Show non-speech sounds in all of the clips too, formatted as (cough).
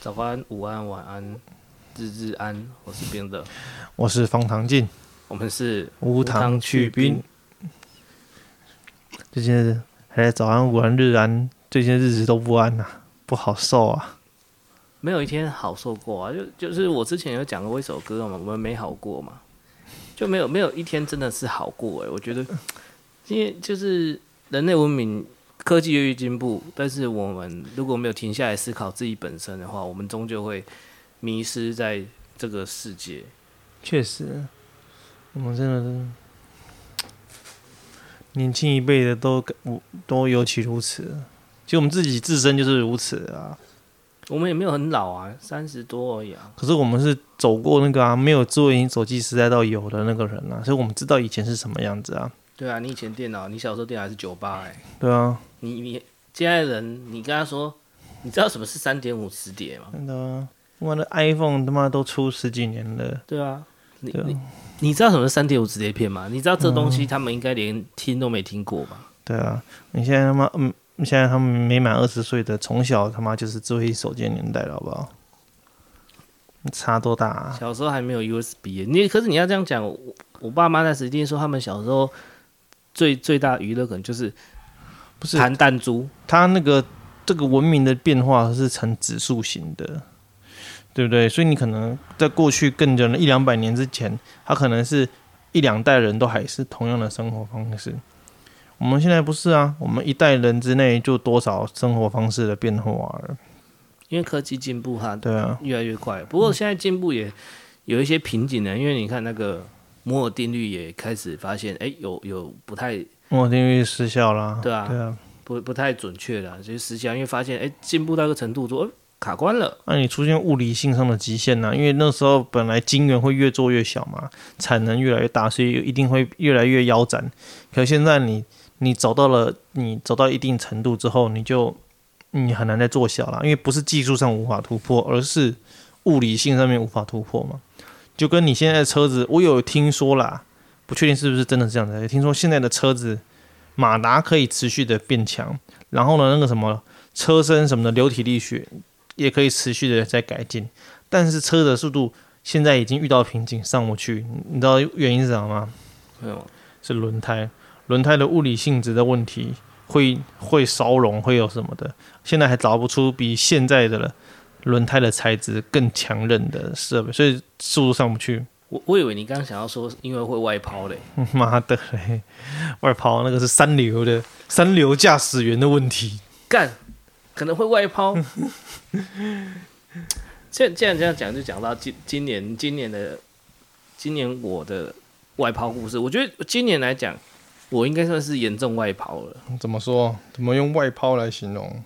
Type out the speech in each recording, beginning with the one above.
早安，午安，晚安，日日安。我是冰的，我是方唐鏡。我們是無糖去冰。去冰最近日還在早安、午安、日安，最近日子都不安吶、啊，不好受啊。沒有一天好受過啊！就就是我之前有講過一首歌嘛，我們沒好過嘛，就沒有沒有一天真的是好過哎、欸！我覺得，因為就是人類文明。科技越來越進步，但是我們如果沒有停下來思考自己本身的話，我們終究會迷失在這個世界。確實，我們真的是年輕一輩的都都尤其如此，就我們自己自身就是如此啊。我們也沒有很老啊，三十多而已啊。可是我們是走過那個啊，沒有智慧型手機時代到有的那個人啊，所以我們知道以前是什麼樣子啊。對啊，你以前電腦，你小時候電腦還是九八哎。對啊，你你現在的人，你跟他說，你知道什麼是三點五磁碟嗎？真的啊，我的 iPhone 他媽都出十幾年了。對啊，對你你你知道什麼是三點五磁碟片嗎？你知道這東西他們應該連聽都沒聽過吧？對啊，你現在他媽嗯，現在他們沒滿二十歲的，從小他媽就是智慧手機的年代了，好不好？差多大啊？小時候還沒有 USB 欸，你可是你要這樣講，我我爸媽那時一定說他們小時候。最最大娛樂可能就是彈彈不是彈彈珠？它那個這個文明的變化是呈指數型的，對不對？所以你可能在過去更久的一兩百年之前，它可能是一兩代人都還是同樣的生活方式。我們現在不是啊，我們一代人之內就多少生活方式的變化了因為科技進步哈，對啊，越來越快、啊。不過現在進步也有一些瓶頸呢、嗯，因為你看那個。摩爾定律也開始發現，哎、欸，有有不太……摩爾定律失效啦。對啊，對啊，不不太準確了，就失效，因為發現，哎、欸，進步到一個程度就，說卡關了。那、啊、你出現物理性上的極限啦、啊，因為那時候本來晶圓會越做越小嘛，產能越來越大，所以一定會越來越腰斬。可現在你你走到了，你走到一定程度之後，你就你很難再做小了，因為不是技術上無法突破，而是物理性上面無法突破嘛。就跟你現在的車子，我有聽說啦，不確定是不是真的是這樣的。聽說現在的車子，馬達可以持續的變強，然後呢，那個什麼車身什麼的流體力學也可以持續的在改進，但是車子的速度現在已經遇到瓶頸上不去，你知道原因是什麼嗎？沒有。是輪胎，輪胎的物理性質的問題，會會燒融，會有什麼的，現在還找不出比現在的了輪胎的材質更強韌的設備，所以速度上不去。我我以為你剛剛想要說，因為會外拋嘞，媽的嘞，外拋那個是三流的三流駕駛員的問題，幹可能會外拋。現 (laughs) 既然這樣講，就講到今今年今年的今年我的外拋故事。我覺得今年來講，我應該算是嚴重外拋了。怎麼說？怎麼用外拋來形容？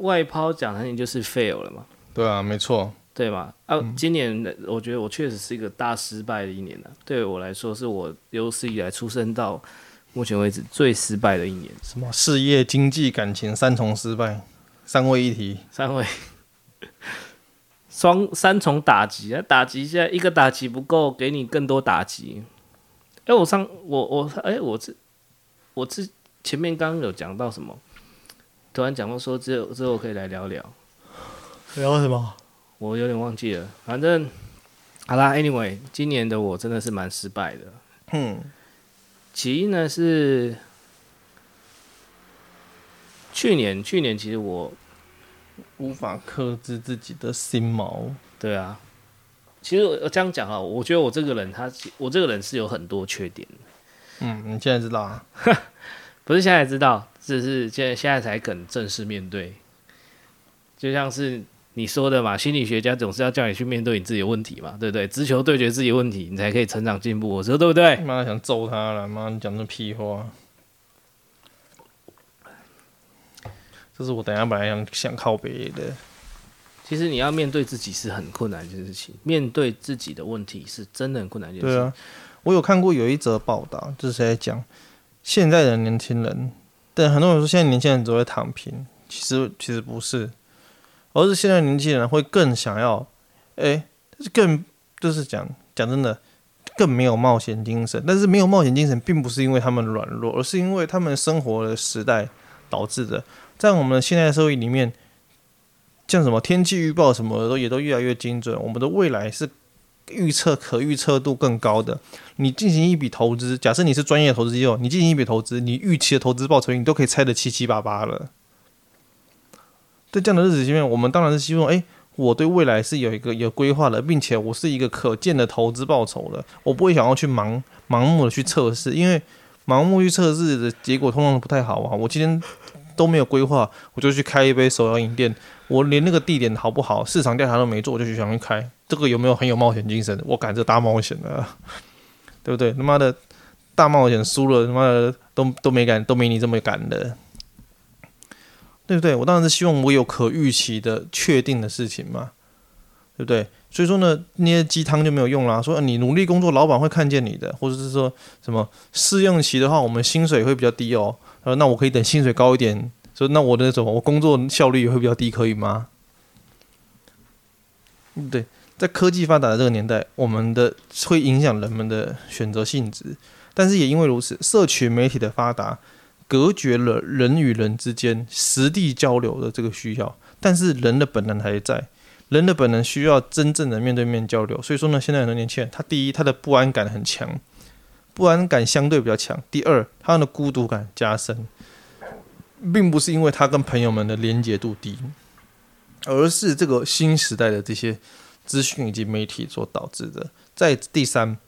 外拋講的你就是 fail 了嘛。對啊，沒錯，對嘛？啊，今年我覺得我確實是一個大失敗的一年了，啊嗯。對我來說，是我有史以來出生到目前為止最失敗的一年。什麼事業、經濟、感情三重失敗，三位一體，三位雙 (laughs) 三重打擊啊！打擊一下，一個打擊不夠，給你更多打擊。哎、欸，我上我我哎、欸、我這我這前面剛剛有講到什麼？突然講到說只有，之後我可以來聊聊。聊什麼？我有點忘記了。反正，好啦，Anyway，今年的我真的是蠻失敗的。嗯，其實呢是去年，去年其實我無法克制自己的心魔。對啊，其實我這樣講啊，我覺得我這個人，他我這個人是有很多缺點。嗯，你現在知道啊？ (laughs) 不是現在知道，只是現在現在才肯正式面對，就像是。你說的吧，心理學家總是要叫你去面對你自己的問題嘛，對不對？直球對決自己的問題，你才可以成長進步。我說對不對？你媽想揍他了！媽，你講什麼屁話？這是我等一下本來想想靠北的。其實你要面對自己是很困難一件事情，面對自己的問題是真的很困難一件事情。對啊，我有看過有一則報道就是誰在講現在的年輕人。對很多人說，現在年輕人只會躺平，其實其實不是。而是現在年輕人會更想要，哎、欸，更就是講講真的，更沒有冒險精神。但是沒有冒險精神，並不是因為他們軟弱，而是因為他們生活的時代導致的。在我們現代社會裡面，像什麼天氣預報什麼的，都也都越來越精準。我們的未來是預測可預測度更高的。你進行一筆投資，假設你是專業投資機構，你進行一筆投資，你預期的投資報酬，你都可以猜得七七八八了。在這樣的日子裡面，我們當然是希望，誒、欸，我對未來是有一個有規劃的，並且我是一個可見的投資報酬的。我不會想要去盲盲目的去測試，因為盲目去測試的結果通常不太好啊。我今天都沒有規劃，我就去開一杯手搖飲店，我連那個地點好不好、市場調查都沒做，我就去想去開，這個有沒有很有冒險精神？我趕着大冒險了、啊，對不對？他媽的大冒險輸了，他媽的都都沒敢，都沒你這麼敢的。對不對？我當然是希望我有可預期的確定的事情嘛，對不對？所以說呢，那些雞湯就沒有用啦。說你努力工作，老闆會看見你的，或者是說什麼試用期的話，我們薪水會比較低哦。那我可以等薪水高一點，所以那我的那種我工作效率也會比較低，可以嗎？對，對，在科技發達的這個年代，我們的會影響人們的選擇性質，但是也因為如此，社群媒體的發達。隔絕了人與人之間實地交流的這個需要，但是人的本能還在，人的本能需要真正的面對面交流。所以說呢，現在很多年輕人，他第一，他的不安感很強，不安感相對比較強；第二，他的孤獨感加深，並不是因為他跟朋友們的連接度低，而是這個新時代的這些資訊以及媒體所導致的。再第三，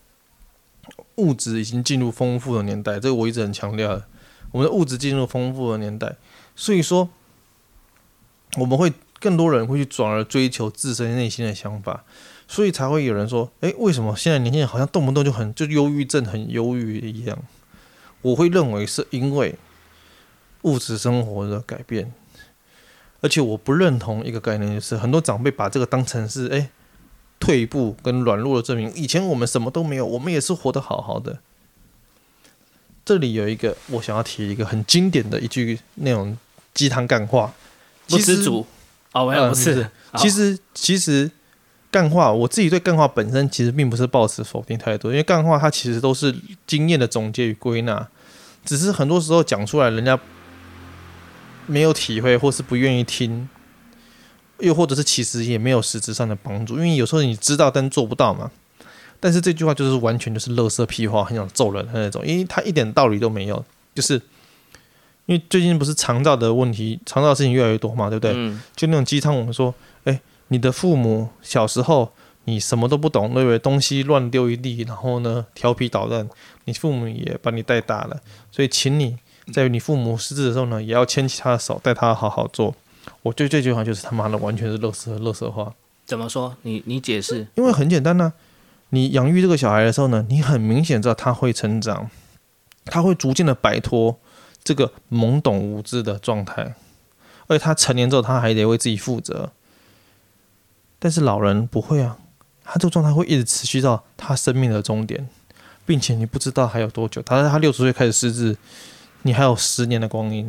物質已經進入豐富的年代，這個我一直很強調的。我們的物質進入豐富的年代，所以說我們會更多人會去轉而追求自身內心的想法，所以才會有人說：“哎，為什麼現在年輕人好像動不動就很就憂鬱症，很憂鬱一樣？”我會認為是因為物質生活的改變，而且我不認同一個概念，就是很多長輩把這個當成是哎、欸、退步跟軟弱的證明。以前我們什麼都沒有，我們也是活得好好的。這裡有一個我想要提一個很經典的一句那種雞湯幹話，啊、呃，我要不是，是其實其實幹話。我自己對幹話本身其實並不是抱持否定態度，因為幹話它其實都是經驗的總結與歸納，只是很多時候講出來人家沒有體會，或是不願意聽，又或者是其實也沒有實質上的幫助，因為有時候你知道但做不到嘛。但是這句話就是完全就是樂色屁話，很想揍人的那種，因為他一點道理都沒有。就是因為最近不是長照的問題，長照事情越來越多嘛，對不對？嗯、就那種雞湯，我們說，哎、欸，你的父母小時候你什麼都不懂，認為東西亂丟一地，然後呢調皮搗蛋，你父母也把你帶大了，所以請你在你父母失智的時候呢，也要牽起他的手，帶他好好做。我覺得這句話就是他媽的完全是樂色樂色話。怎麼說？你你解釋？因為很簡單吶、啊。你養育這個小孩的時候呢，你很明顯知道他會成長，他會逐漸的擺脫這個懵懂無知的狀態，而且他成年之後他還得為自己負責。但是老人不會啊，他這個狀態會一直持續到他生命的終點，並且你不知道還有多久。他在他六十歲開始失智，你還有十年的光陰，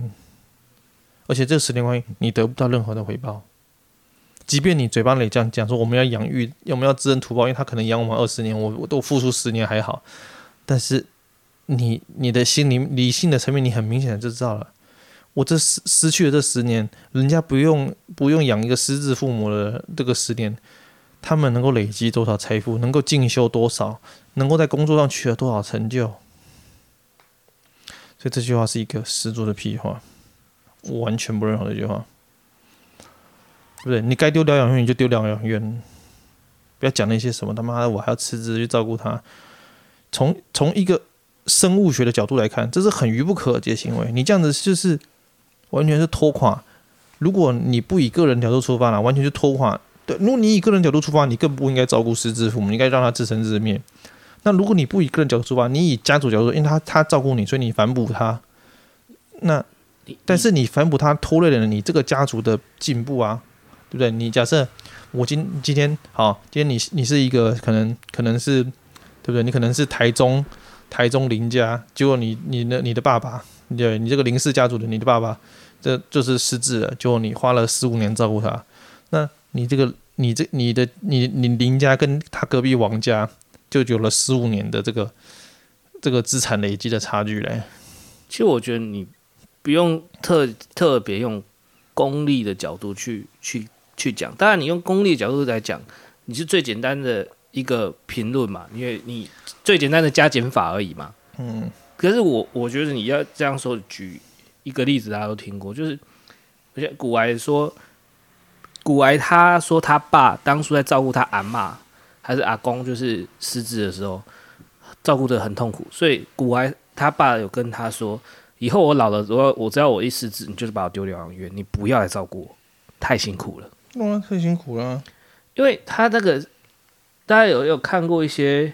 而且這十年光陰你得不到任何的回報。即便你嘴巴裡這樣講說我們要養育，我們要知恩圖報，因為他可能養我們二十年，我我都付出十年還好，但是你你的心理理性的層面，你很明顯的就知道了，我這失失去了這十年，人家不用不用養一個失智父母的這個十年，他們能夠累積多少財富，能夠進修多少，能夠在工作上取得多少成就，所以這句話是一個十足的屁話，我完全不認同這句話。不對，你該丟療養院你就丟療養院，不要講那些什麼他媽的，我還要辭職去照顧他。從從一個生物學的角度來看，這是很愚不可及的行為。你這樣子就是完全是拖垮。如果你不以個人角度出發了、啊，完全是拖垮。對，如果你以個人角度出發，你更不應該照顧失智父母，應該讓他自生自滅。那如果你不以個人角度出發，你以家族角度說，因為他他照顧你，所以你反哺他。那但是你反哺他，拖累了你這個家族的進步啊。對不對？你假設我今今天好、哦，今天你你是一個可能可能是對不對？你可能是台中台中林家，結果你你呢你，你的爸爸，對，對你這個林氏家族的你的爸爸，這就是失智了。結果你花了十五年照顧他，那你這個你這你的你你林家跟他隔壁王家就有了十五年的這個這個資產累積的差距嘞。其實我覺得你不用特特別用功利的角度去去。去講，當然你用功利的角度來講，你是最簡單的一個評論嘛，因為你最簡單的加減法而已嘛。嗯。可是我我覺得你要這樣說，舉一個例子，大家都聽過，就是而且古懷說，古懷他說他爸當初在照顧他阿嬤還是阿公就是失智的時候，照顧得很痛苦，所以古懷他爸有跟他說，以後我老了，我我只要我一失智，你就是把我丟療養院，你不要來照顧我，太辛苦了。弄得太辛苦了，啊，因為他那個，大家有有看過一些，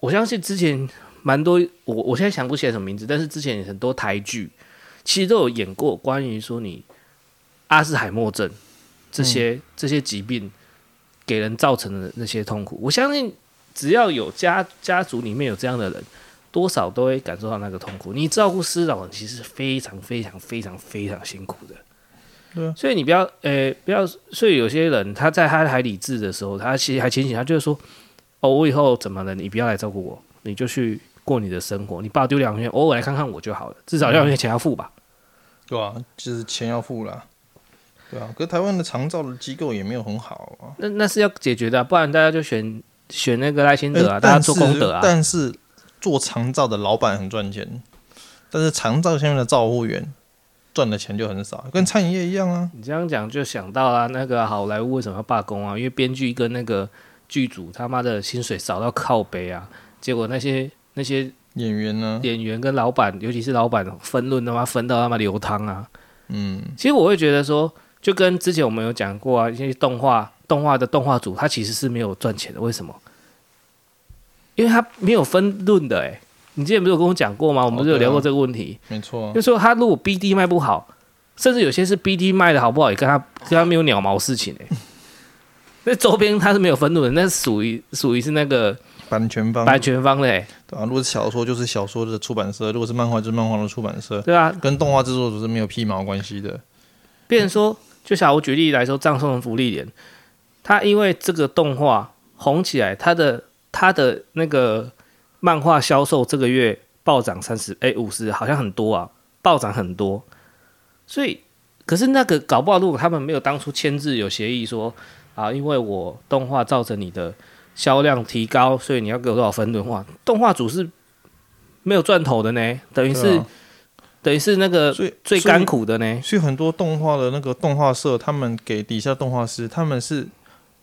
我相信之前蠻多我我現在想不起來什麼名字，但是之前很多台劇其實都有演過關於說你阿茲海默症這些，嗯、這些疾病給人造成的那些痛苦。我相信只要有家家族裡面有這樣的人，多少都會感受到那個痛苦。你照顧師長其實非常，非常非常非常非常辛苦的。對啊、所以你不要、欸，不要。所以有些人他在他還理智的時候，他其實還清醒，他就是說，哦，我以後怎麼了？你不要來照顧我，你就去過你的生活。你不要丟兩元，偶爾來看看我就好了，至少要有一元錢要付吧、嗯，對啊，就是錢要付了，對啊。可是台灣的長照的機構也沒有很好啊，那那是要解決的，不然大家就選選那個賴清德啊、欸，大家做功德啊。但是做長照的老闆很賺錢，但是長照現在的照護員。賺的錢就很少，跟餐飲業一樣啊！你這樣講就想到啊，那個好萊塢為什麼要罷工啊？因為編劇跟那個劇組他媽的薪水少到靠北啊！結果那些那些,那些演員呢、啊？演員跟老板，尤其是老板分論他媽分到他媽流湯啊！嗯，其實我會覺得說，就跟之前我們有講過啊，一些動畫動畫的動畫組，他其實是沒有賺錢的，為什麼？因為他沒有分論的、欸，哎。你之前不是有跟我講過嗎？我們不是有聊過這個問題。哦啊、沒錯，就是、說他如果 BD 賣不好，甚至有些是 BD 賣的好不好也跟他跟他沒有鳥毛事情哎、欸。 (laughs) 那周邊他是沒有分潤的，那屬於屬於是那個版權方版權方嘞、欸。對啊，如果是小說，就是小說的出版社；如果是漫畫，就是漫畫的出版社。對啊，跟動畫製作組是沒有屁毛關係的。變成說，就像我舉例來說，葬送的芙莉蓮，他因為這個動畫紅起來，他的他的那個。漫畫銷售這個月暴漲三十，哎，五十，50，好像很多啊，暴漲很多。所以，可是那個搞不好，如果他們沒有當初簽字有協議說啊，因為我動畫造成你的銷量提高，所以你要給我多少分的話，動畫組是沒有賺頭的呢，等於是、啊、等於是那個最最甘苦的呢。所以很多動畫的那個動畫社，他們給底下動畫師，他們是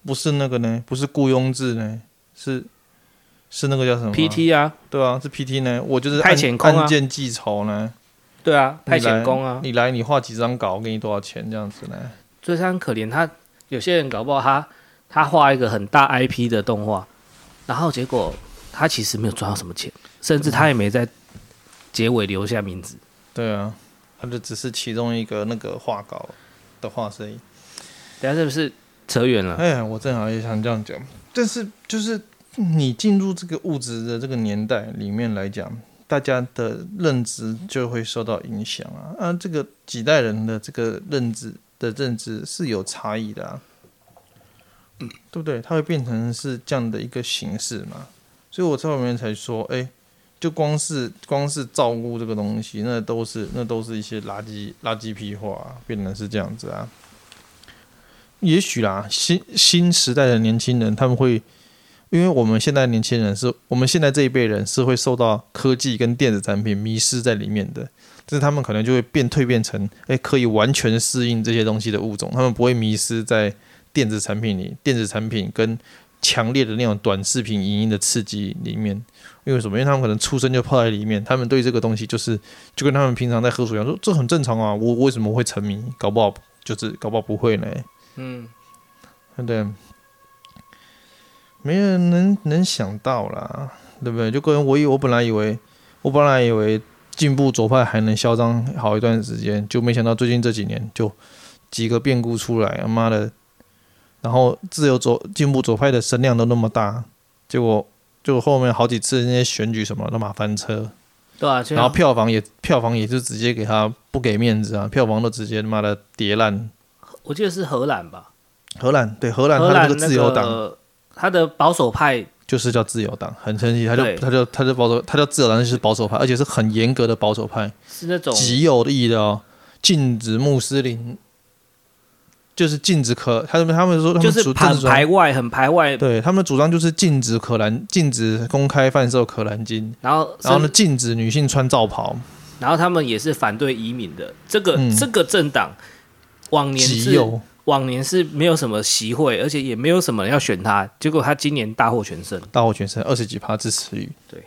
不是那個呢？不是僱傭制呢？是。是那個叫什麼？PT 啊，對啊，是 PT 呢。我就是派遣工啊。按件計酬呢，對啊，派遣工啊。你來，你畫幾張稿，我給你多少錢這樣子呢？非常可憐，他有些人搞不好他，他他畫一個很大 IP 的動畫，然後結果他其實沒有賺到什麼錢，甚至他也沒在結尾留下名字。嗯、對啊，他就只是其中一個那個畫稿的畫師。等下是不是扯遠了？哎呀，我正好也想這樣講，但是就是。你進入這個物質的這個年代裡面來講，大家的認知就會受到影響啊啊！啊這個幾代人的這個認知的認知是有差異的啊、嗯，對不對？它會變成是這樣的一個形式嘛？所以我在外面才說，哎、欸，就光是光是照顧這個東西，那都是那都是一些垃圾垃圾屁話、啊，變成是這樣子啊。也許啦，新新時代的年輕人他們會。因為我們現在年輕人是，我們現在這一輩人是會受到科技跟電子產品迷失在裡面的，但是他們可能就會變蛻變成，誒，可以完全適應這些東西的物種，他們不會迷失在電子產品裡，電子產品跟強烈的那種短視頻影音的刺激裡面。因為什麼？因為他們可能出生就泡在裡面，他們對這個東西就是，就跟他們平常在喝水一樣，說這很正常啊我，我為什麼會沉迷？搞不好就是，搞不好不會呢。嗯，對。沒人能能想到啦，對不對？就跟我以我本來以為，我本來以為進步左派還能囂張好一段時間，就沒想到最近這幾年就幾個變故出來啊，他媽的！然後自由左進步左派的聲量都那麼大，結果就後面好幾次那些選舉什麼他媽翻車。對啊，然後票房也票房也是直接給他不給面子啊，票房都直接他媽的跌爛。我記得是荷蘭吧？荷蘭對荷蘭，荷蘭他的那個自由黨。他的保守派就是叫自由黨，很神奇，他就他就他就保守，他叫自由黨，但是是保守派，而且是很嚴格的保守派，是那種極右的意思哦，禁止穆斯林，就是禁止可，他們他們說他們就是排外，很排外，很排外，對，他們主張就是禁止可蘭，禁止公開販售可蘭經，然後然後呢，禁止女性穿罩袍，然後他們也是反對移民的，這個、嗯、這個政黨往年極右。往年是沒有什麼席位，而且也沒有什麼人要選他。結果他今年大獲全勝，大獲全勝，二十幾趴支持率。對，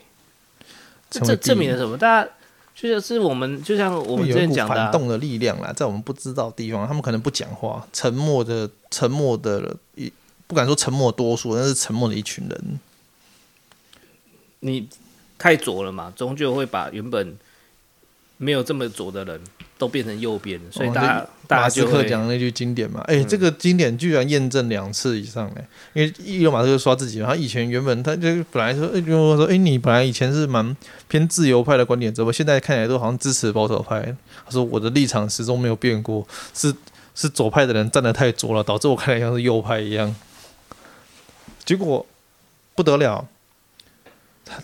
這證明了什麼？大家就是是我們，就像我們之前講的、啊，反動的力量啦，在我們不知道的地方，他們可能不講話，沉默的，沉默的一，不敢說沉默多數，但是沉默的一群人，你太左了嘛，終究會把原本沒有這麼左的人。都變成右邊了，所以大、哦，馬斯克講的那句經典嘛，哎、欸，這個經典居然驗證兩次以上嘞、欸嗯，因為一有馬斯克刷自己他以前原本他就本來說，哎、欸，我說，哎、欸，你本來以前是蠻偏自由派的觀點，怎麼現在看起來都好像支持保守派？他說我的立場始終沒有變過，是是左派的人站得太左了，導致我看來像是右派一樣。結果不得了，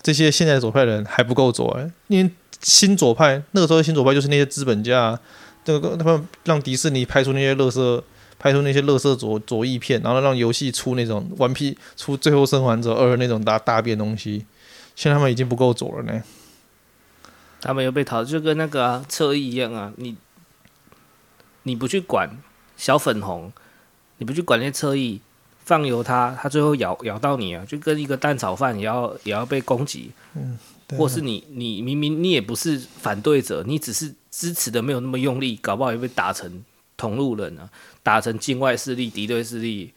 這些現在左派的人還不夠左、欸，因為。新左派那個時候的新左派就是那些資本家，那個他們讓迪士尼拍出那些樂色，拍出那些樂色左左翼片，然後讓遊戲出那種《頑皮》，出《最後生還者二》那種大大便東西，現在他們已經不夠左了呢。他們又被淘就跟那個啊、側翼一樣啊！你你不去管小粉紅，你不去管那側翼，放油他，他最後咬咬到你啊！就跟一個蛋炒飯也要也要被攻擊。嗯。或是你你明明你也不是反對者，你只是支持的沒有那麼用力，搞不好也被打成同路人了，啊，打成境外勢力、敵對勢力，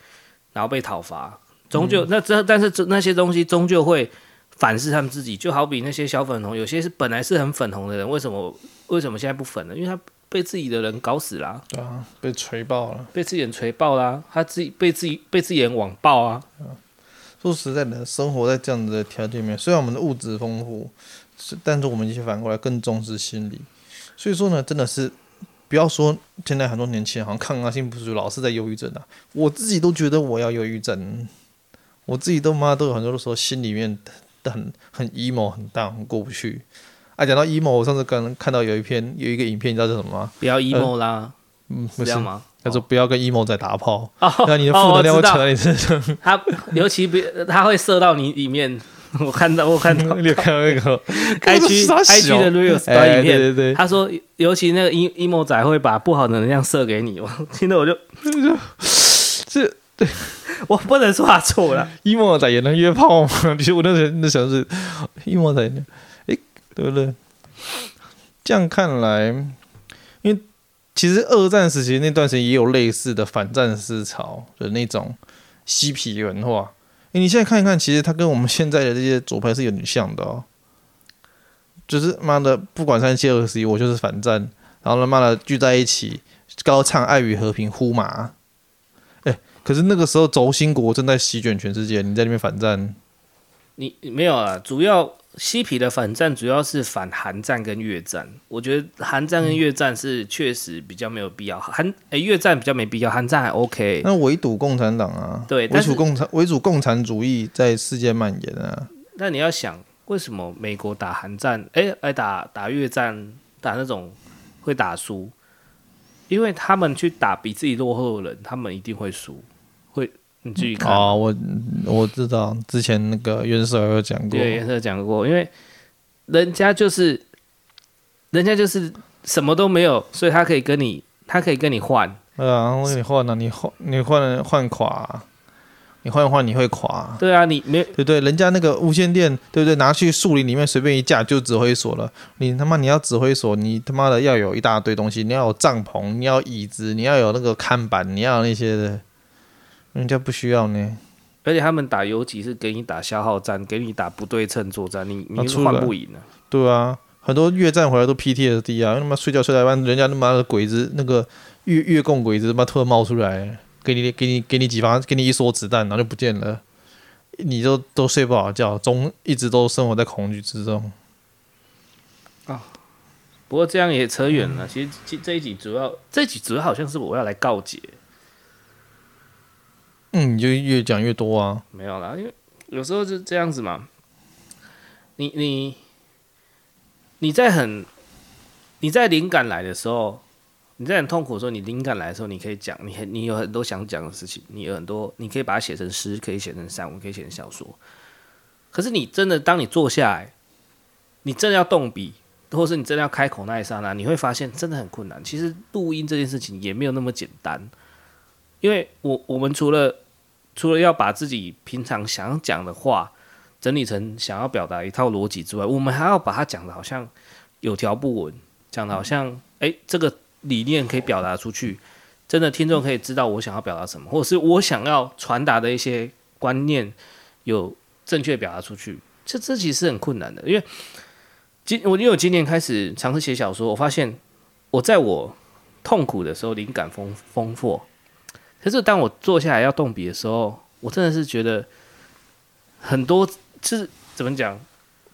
然後被討伐。終究、嗯、那這但是這那些東西終究會反噬他們自己，就好比那些小粉紅，有些是本來是很粉紅的人，為什麼為什麼現在不粉了？因為他被自己的人搞死了，啊，對啊，被錘爆了，被自己人錘爆啦，啊，他自己被自己被自己人網爆啊。啊說實在的，生活在這樣子的條件裡面，雖然我們的物質豐富，但是我們一些反過來更重視心理。所以說呢，真的是不要說現在很多年輕人好像抗壓性不足，老是在憂鬱症啊。我自己都覺得我要憂鬱症，我自己都媽都有很多的時候心裡面很很 emo 很大很過不去。哎，、啊，講到 emo，我上次剛看到有一篇有一個影片，你知道是什麼嗎、啊？不要 emo 啦，、呃，嗯，為什麼？他說：“不要跟 emo 仔打炮，那、oh, 你的負能量會扯在你身上。Oh, oh, ”他尤其不，他會射到你裡面。我看到，我看到，你看那個開 IG 的 Reels 短影片、欸，對對對，他說，尤其那個 emo 仔會把不好的能量射給你。我聽得我就，這對我不能說他錯了。emo 仔也能約炮嗎？比如我那時候那時候，emo 仔，哎、欸，得了，這樣看來。其實二戰時期那段時間也有類似的反戰思潮的，就是，那種嬉皮文化。哎，你現在看一看，其實它跟我們現在的這些左派是有點像的哦。就是媽的，不管三七二十一，我就是反戰，然後他媽的聚在一起高唱愛與和平呼嘛。誒，可是那個時候軸心國正在席捲全世界，你在那邊反戰？你，你沒有啊，主要。西皮的反戰主要是反韓戰跟越戰，我覺得韓戰跟越戰是確實比較沒有必要。韓誒、欸，越戰比較沒必要，韓戰還 OK。那圍堵共產黨啊，對，圍堵共產，圍堵共產主義在世界蔓延啊。但你要想，為什麼美國打韓戰，誒、欸，哎打打越戰，打那種會打輸？因為他們去打比自己落後的人，他們一定會輸。你自己看啊、哦，我我知道之前那個袁世有講過，對袁世有講過，因為人家就是人家就是什麼都沒有，所以他可以跟你，他可以跟你換。對啊，我跟你換了、啊，你換你換換垮，你換換你會垮。對啊，你沒對，對對，人家那個無線電，對不對？拿去樹林裡面隨便一架就指揮所了。你他媽你要指揮所，你他媽的要有一大堆東西，你要有帳篷，你要有椅子，你要有那個看板，你要那些的。人家不需要呢，而且他們打游擊是給你打消耗戰，給你打不對稱作戰，你、啊、你換不贏的。對啊，很多越戰回來都 PTSD 啊，他媽睡覺睡不着，人家他媽的鬼子那個越越共鬼子他媽突然冒出來，給你給你給你幾發，給你一梭子彈，然後就不見了，你就都睡不好覺，總一直都生活在恐懼之中。啊，不過這樣也扯遠了。其實，這這一集主要、嗯，這一集主要好像是我要來告解。嗯，你就越講越多啊！沒有啦，因為有時候是這樣子嘛。你你你在很你在靈感來的時候，你在很痛苦的時候，你靈感來的時候，你可以講，你很你有很多想講的事情，你有很多，你可以把它寫成詩，可以寫成散文，可以寫成小說。可是你真的當你坐下來，你真的要動筆，或是你真的要開口那一剎那，你會發現真的很困難。其實錄音這件事情也沒有那麼簡單，因為我我們除了除了要把自己平常想講的話整理成想要表達一套邏輯之外，我們還要把它講的好像有條不紊，講的好像誒、欸，這個理念可以表達出去，真的聽眾可以知道我想要表達什麼，或者是我想要傳達的一些觀念有正確表達出去。這這其實很困難的，因為今我因為我今年開始嘗試寫小說，我發現我在我痛苦的時候靈感豐豐富。可是當我坐下來要動筆的時候，我真的是覺得很多，就是怎麼講，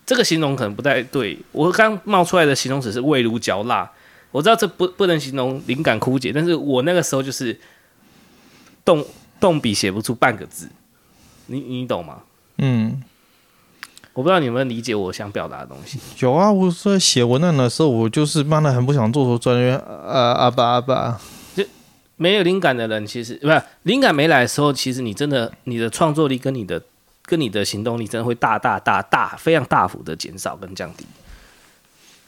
這個形容可能不太對。我剛冒出來的形容詞是味如嚼蠟。我知道這不不能形容靈感枯竭，但是我那個時候就是動動筆寫不出半個字。你你懂嗎？嗯，我不知道你有沒有理解我想表達的東西。有啊，我是在寫文案的時候，我就是慢的很不想做，我轉圈啊阿、啊、吧，啊吧沒有靈感的人，其實不是靈感沒來的時候，其實你真的你的創作力跟你的跟你的行動力，真的會大大大大非常大幅的減少跟降低。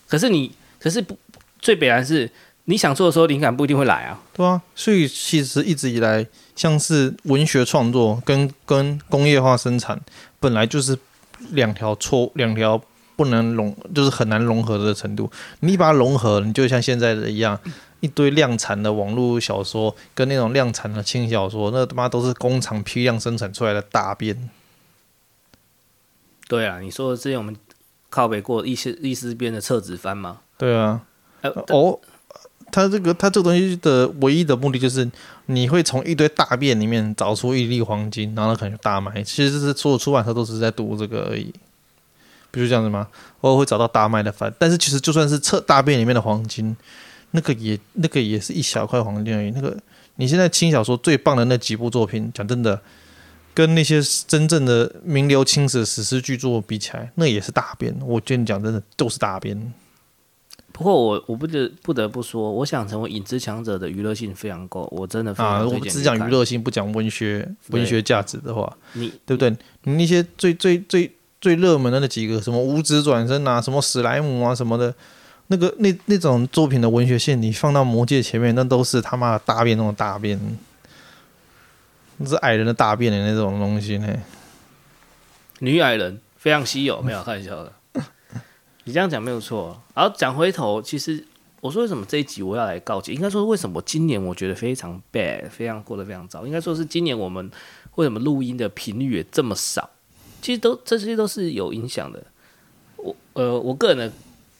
可是你可是不最本然是你想做的時候，靈感不一定會來啊。對啊，所以其實一直以來，像是文學創作跟跟工業化生產，本來就是兩條錯兩條。不能融，就是很難融合的程度。你把它融合，你就像現在的一樣，一堆量產的網絡小說，跟那種量產的輕小說，那他媽都是工廠批量生產出來的大便。對啊，你說的這些我們靠北過一些一絲編的冊子翻嗎？對啊，哦，他這個他這個東西的唯一的目的就是，你會從一堆大便裡面找出一粒黃金，然後可能就大賣。其實是所有出版社都只是在賭這個而已。比如這樣子嗎？偶爾會找到大賣的飯，但是其實就算是廁大便裡面的黃金，那個也那個也是一小塊黃金而已。那個你現在輕小說最棒的那幾部作品，講真的，跟那些真正的名留青史史詩巨作比起來，那也是大便。我覺得你講，真的都、就是大便。不過我我不得不得不說，我想成為影之強者的娛樂性非常夠，我真的非常、呃、啊，我只講娛樂性，不講文學文學價值的話，你對不對？你那些最最最。最最熱門的那幾個什麼無職轉生啊，什麼史萊姆啊什麼的，那個那那種作品的文學性，你放到魔戒前面，那都是他媽的大便那種大便，那是矮人的大便的、欸、那種東西呢、欸。女矮人非常稀有，沒有開玩笑的。 (laughs) 你這樣講沒有錯。好，講回頭，其實我說為什麼這一集我要來告誡，應該說為什麼今年我覺得非常 bad，非常過得非常糟。應該說是今年我們為什麼錄音的頻率也這麼少。其實都這些都是有影響的。我呃，我個人的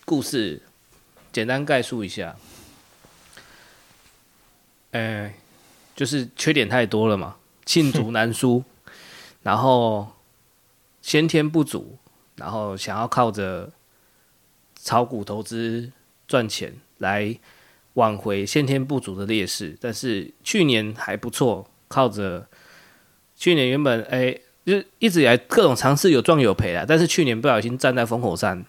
故事簡單概述一下，哎、欸，就是缺點太多了嘛，罄竹難書。然後先天不足，然後想要靠着炒股投資賺錢來挽回先天不足的劣勢。但是去年還不錯，靠着去年原本哎。欸就是一直以來各種嘗試有賺有賠的，但是去年不小心站在風口上，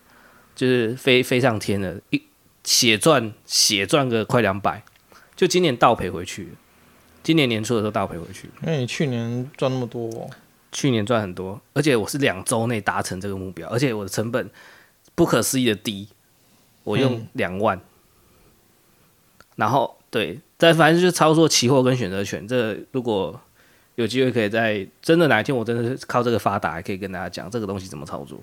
就是飛飛上天了，一血賺血賺個快兩百，就今年倒賠回去。今年年初的時候倒賠回去。那你去年賺那麼多？哦。去年賺很多，而且我是兩周內達成這個目標，而且我的成本不可思議的低，我用兩萬、嗯，然後對，但反正就操作期貨跟選擇權，這個、如果。有機會可以在，真的哪一天我真的是靠這個發達，還可以跟大家講這個東西怎麼操作。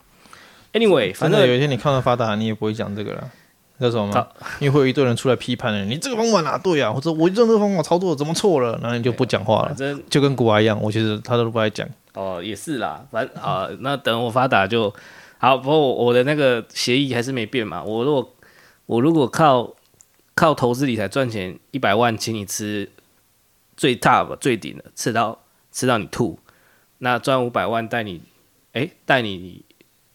Anyway，反正有一天你靠到發達，你也不會講這個了，叫什麼？因為會有一堆人出來批判你、欸，你這個方法哪對啊？或者我用這個方法操作怎麼錯了？然後你就不講話了、欸反正，就跟古娃一樣，我其實他都不愛講。哦，也是啦，反正啊、哦，那等我發達就 (laughs) 好。不過我的那個協議還是沒變嘛。我如果我如果靠靠投資理財賺錢一百萬，請你吃最大吧，最頂的，吃到。吃到你吐，那賺五百萬帶你，哎、欸，帶你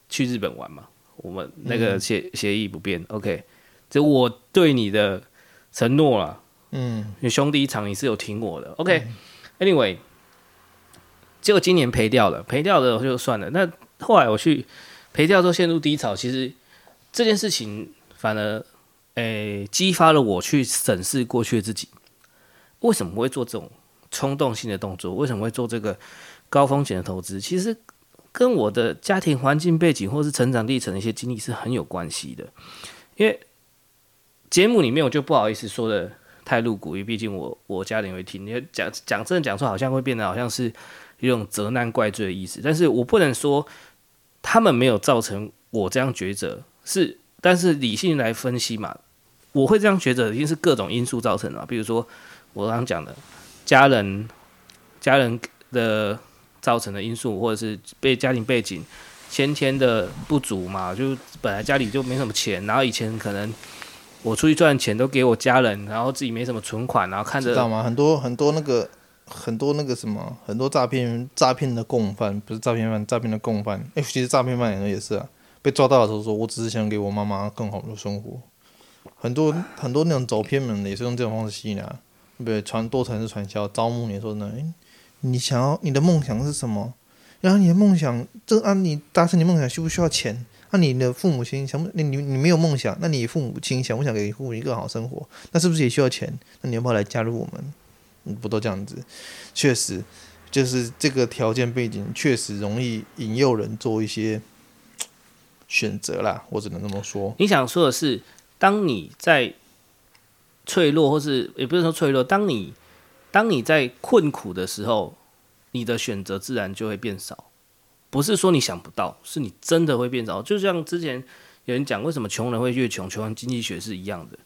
去日本玩嘛？我們那個協、嗯、協議不變，OK，就我對你的承諾了。嗯，你兄弟一場，你是有聽我的，OK？Anyway，、okay 嗯、結果今年賠掉了，賠掉了就算了。那後來我去賠掉之後陷入低潮，其實這件事情反而誒、欸，激發了我去審視過去的自己，為什麼不會做這種？衝動性的動作，為什麼會做這個高風險的投資？其實跟我的家庭環境背景或是成長歷程的一些經歷是很有關係的。因為節目裡面我就不好意思說得太露骨，因為畢竟我我家人會聽，你講講真的講出來好像會變得好像是有種責難怪罪的意思。但是我不能說他們沒有造成我這樣抉擇，是，但是理性來分析嘛，我會這樣抉擇，一定是各種因素造成的。比如說我剛剛講的。家人、家人的造成的因素，或者是被家庭背景先天的不足嘛，就本來家裡就沒什麼錢，然後以前可能我出去賺錢都給我家人，然後自己沒什麼存款，然後看着知道嗎？很多很多那個很多那個什麼，很多詐騙詐騙的共犯，不是詐騙犯，詐騙的共犯。誒、欸，其實詐騙犯可能也是、啊、被抓到的時候說我只是想給我媽媽更好的生活，很多很多那種走偏門的也是用這種方式吸引啊。對，傳多層次傳銷，招募你說呢？你想要你的夢想是什麼？然後你的夢想，這啊，你達成你夢想需不需要錢？那、啊、你的父母親想不？你你你沒有夢想，那你父母親想不想給父母一個好生活？那是不是也需要錢？那你要不要來加入我們？嗯，不都這樣子？確實，就是這個條件背景確實容易引誘人做一些選擇啦。我只能這麼說。你想說的是，當你在。脆弱，或是也不是說脆弱。當你當你在困苦的時候，你的選擇自然就會變少。不是說你想不到，是你真的會變少。就像之前有人講，為什麼窮人會越窮？窮人經濟學是一樣的。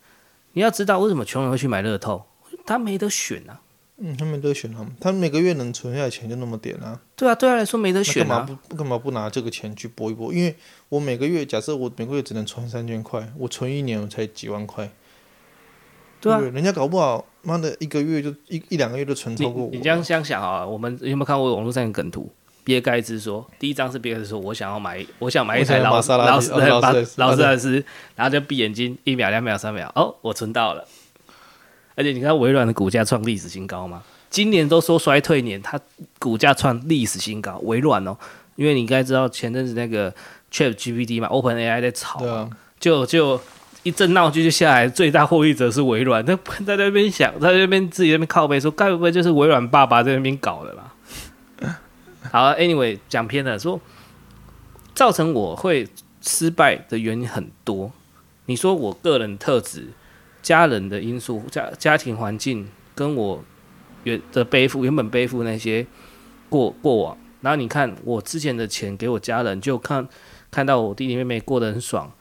你要知道為什麼窮人會去買樂透？他沒得選啊。嗯，他沒得選啊，他們，他每個月能存下的錢就那麼點啊。對啊，對他來說沒得選啊。幹嘛不，不幹嘛不拿這個錢去搏一搏？因為我每個月假設我每個月只能存三千塊，我存一年我才幾萬塊。對啊對，人家搞不好，媽的，一個月就一一兩個月就存超過我。你，你這樣想想啊，我們你有沒有看過網絡上一個梗圖？比爾蓋茨說，第一張是比爾蓋茨說，我想要買，我想買一台勞勞斯勞斯萊斯，然後就閉眼睛，一秒、兩秒、三秒，哦，我存到了。 (laughs) 而且你看微軟的股價創歷史新高嗎？今年都說衰退年，它股價創歷史新高。微軟哦，因為你應該知道前陣子那個 ChatGPT 嘛，OpenAI 在炒，就、啊、就。就一陣鬧劇就下來，最大獲益者是微軟。他在那邊想，在那邊自己在那邊靠背說，該不會就是微軟爸爸在那邊搞的吧？ (laughs) 好，anyway，講偏了。說造成我會失敗的原因很多。你說我個人特質、家人的因素、家家庭環境，跟我原的背負原本背負那些過過往。然後你看我之前的錢給我家人，就看看到我弟弟妹妹過得很爽。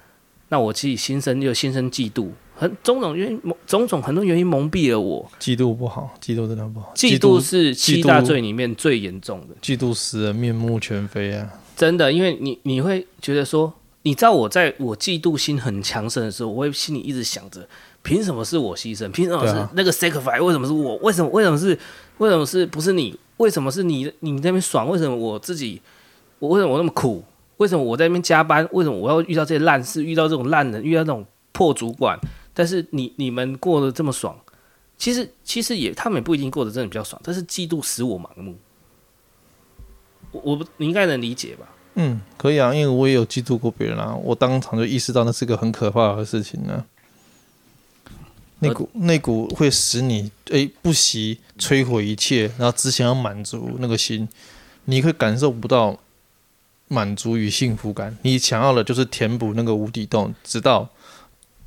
那我自己心生就心生嫉妒，很種種原因，種種很多原因蒙蔽了我。嫉妒不好，嫉妒真的不好。嫉妒，嫉妒，嫉妒是七大罪裡面最嚴重的。嫉妒使人面目全非啊！真的，因為你你會覺得說，你知道我在我嫉妒心很強盛的時候，我會心裡一直想着，憑什麼是我犧牲？憑什麼是那個 sacrifice？對啊、為什麼是我？為什麼？為什麼是？為什麼是不是你？為什麼是你？你那邊爽？為什麼我自己？我為什麼我那麼苦？為什麼我在那邊加班？為什麼我要遇到這些爛事？遇到這種爛人，遇到這種破主管？但是你你們過得這麼爽，其實其實也他們也不一定過得真的比較爽。但是嫉妒使我盲目，我我你應該能理解吧？嗯，可以啊，因為我也有嫉妒過別人啊。我當場就意識到那是個很可怕的事情呢、啊。那股那股會使你哎、欸、不惜摧毀一切，然後只想要滿足那個心，你會感受不到。滿足與幸福感，你想要的就是填補那個無底洞，直到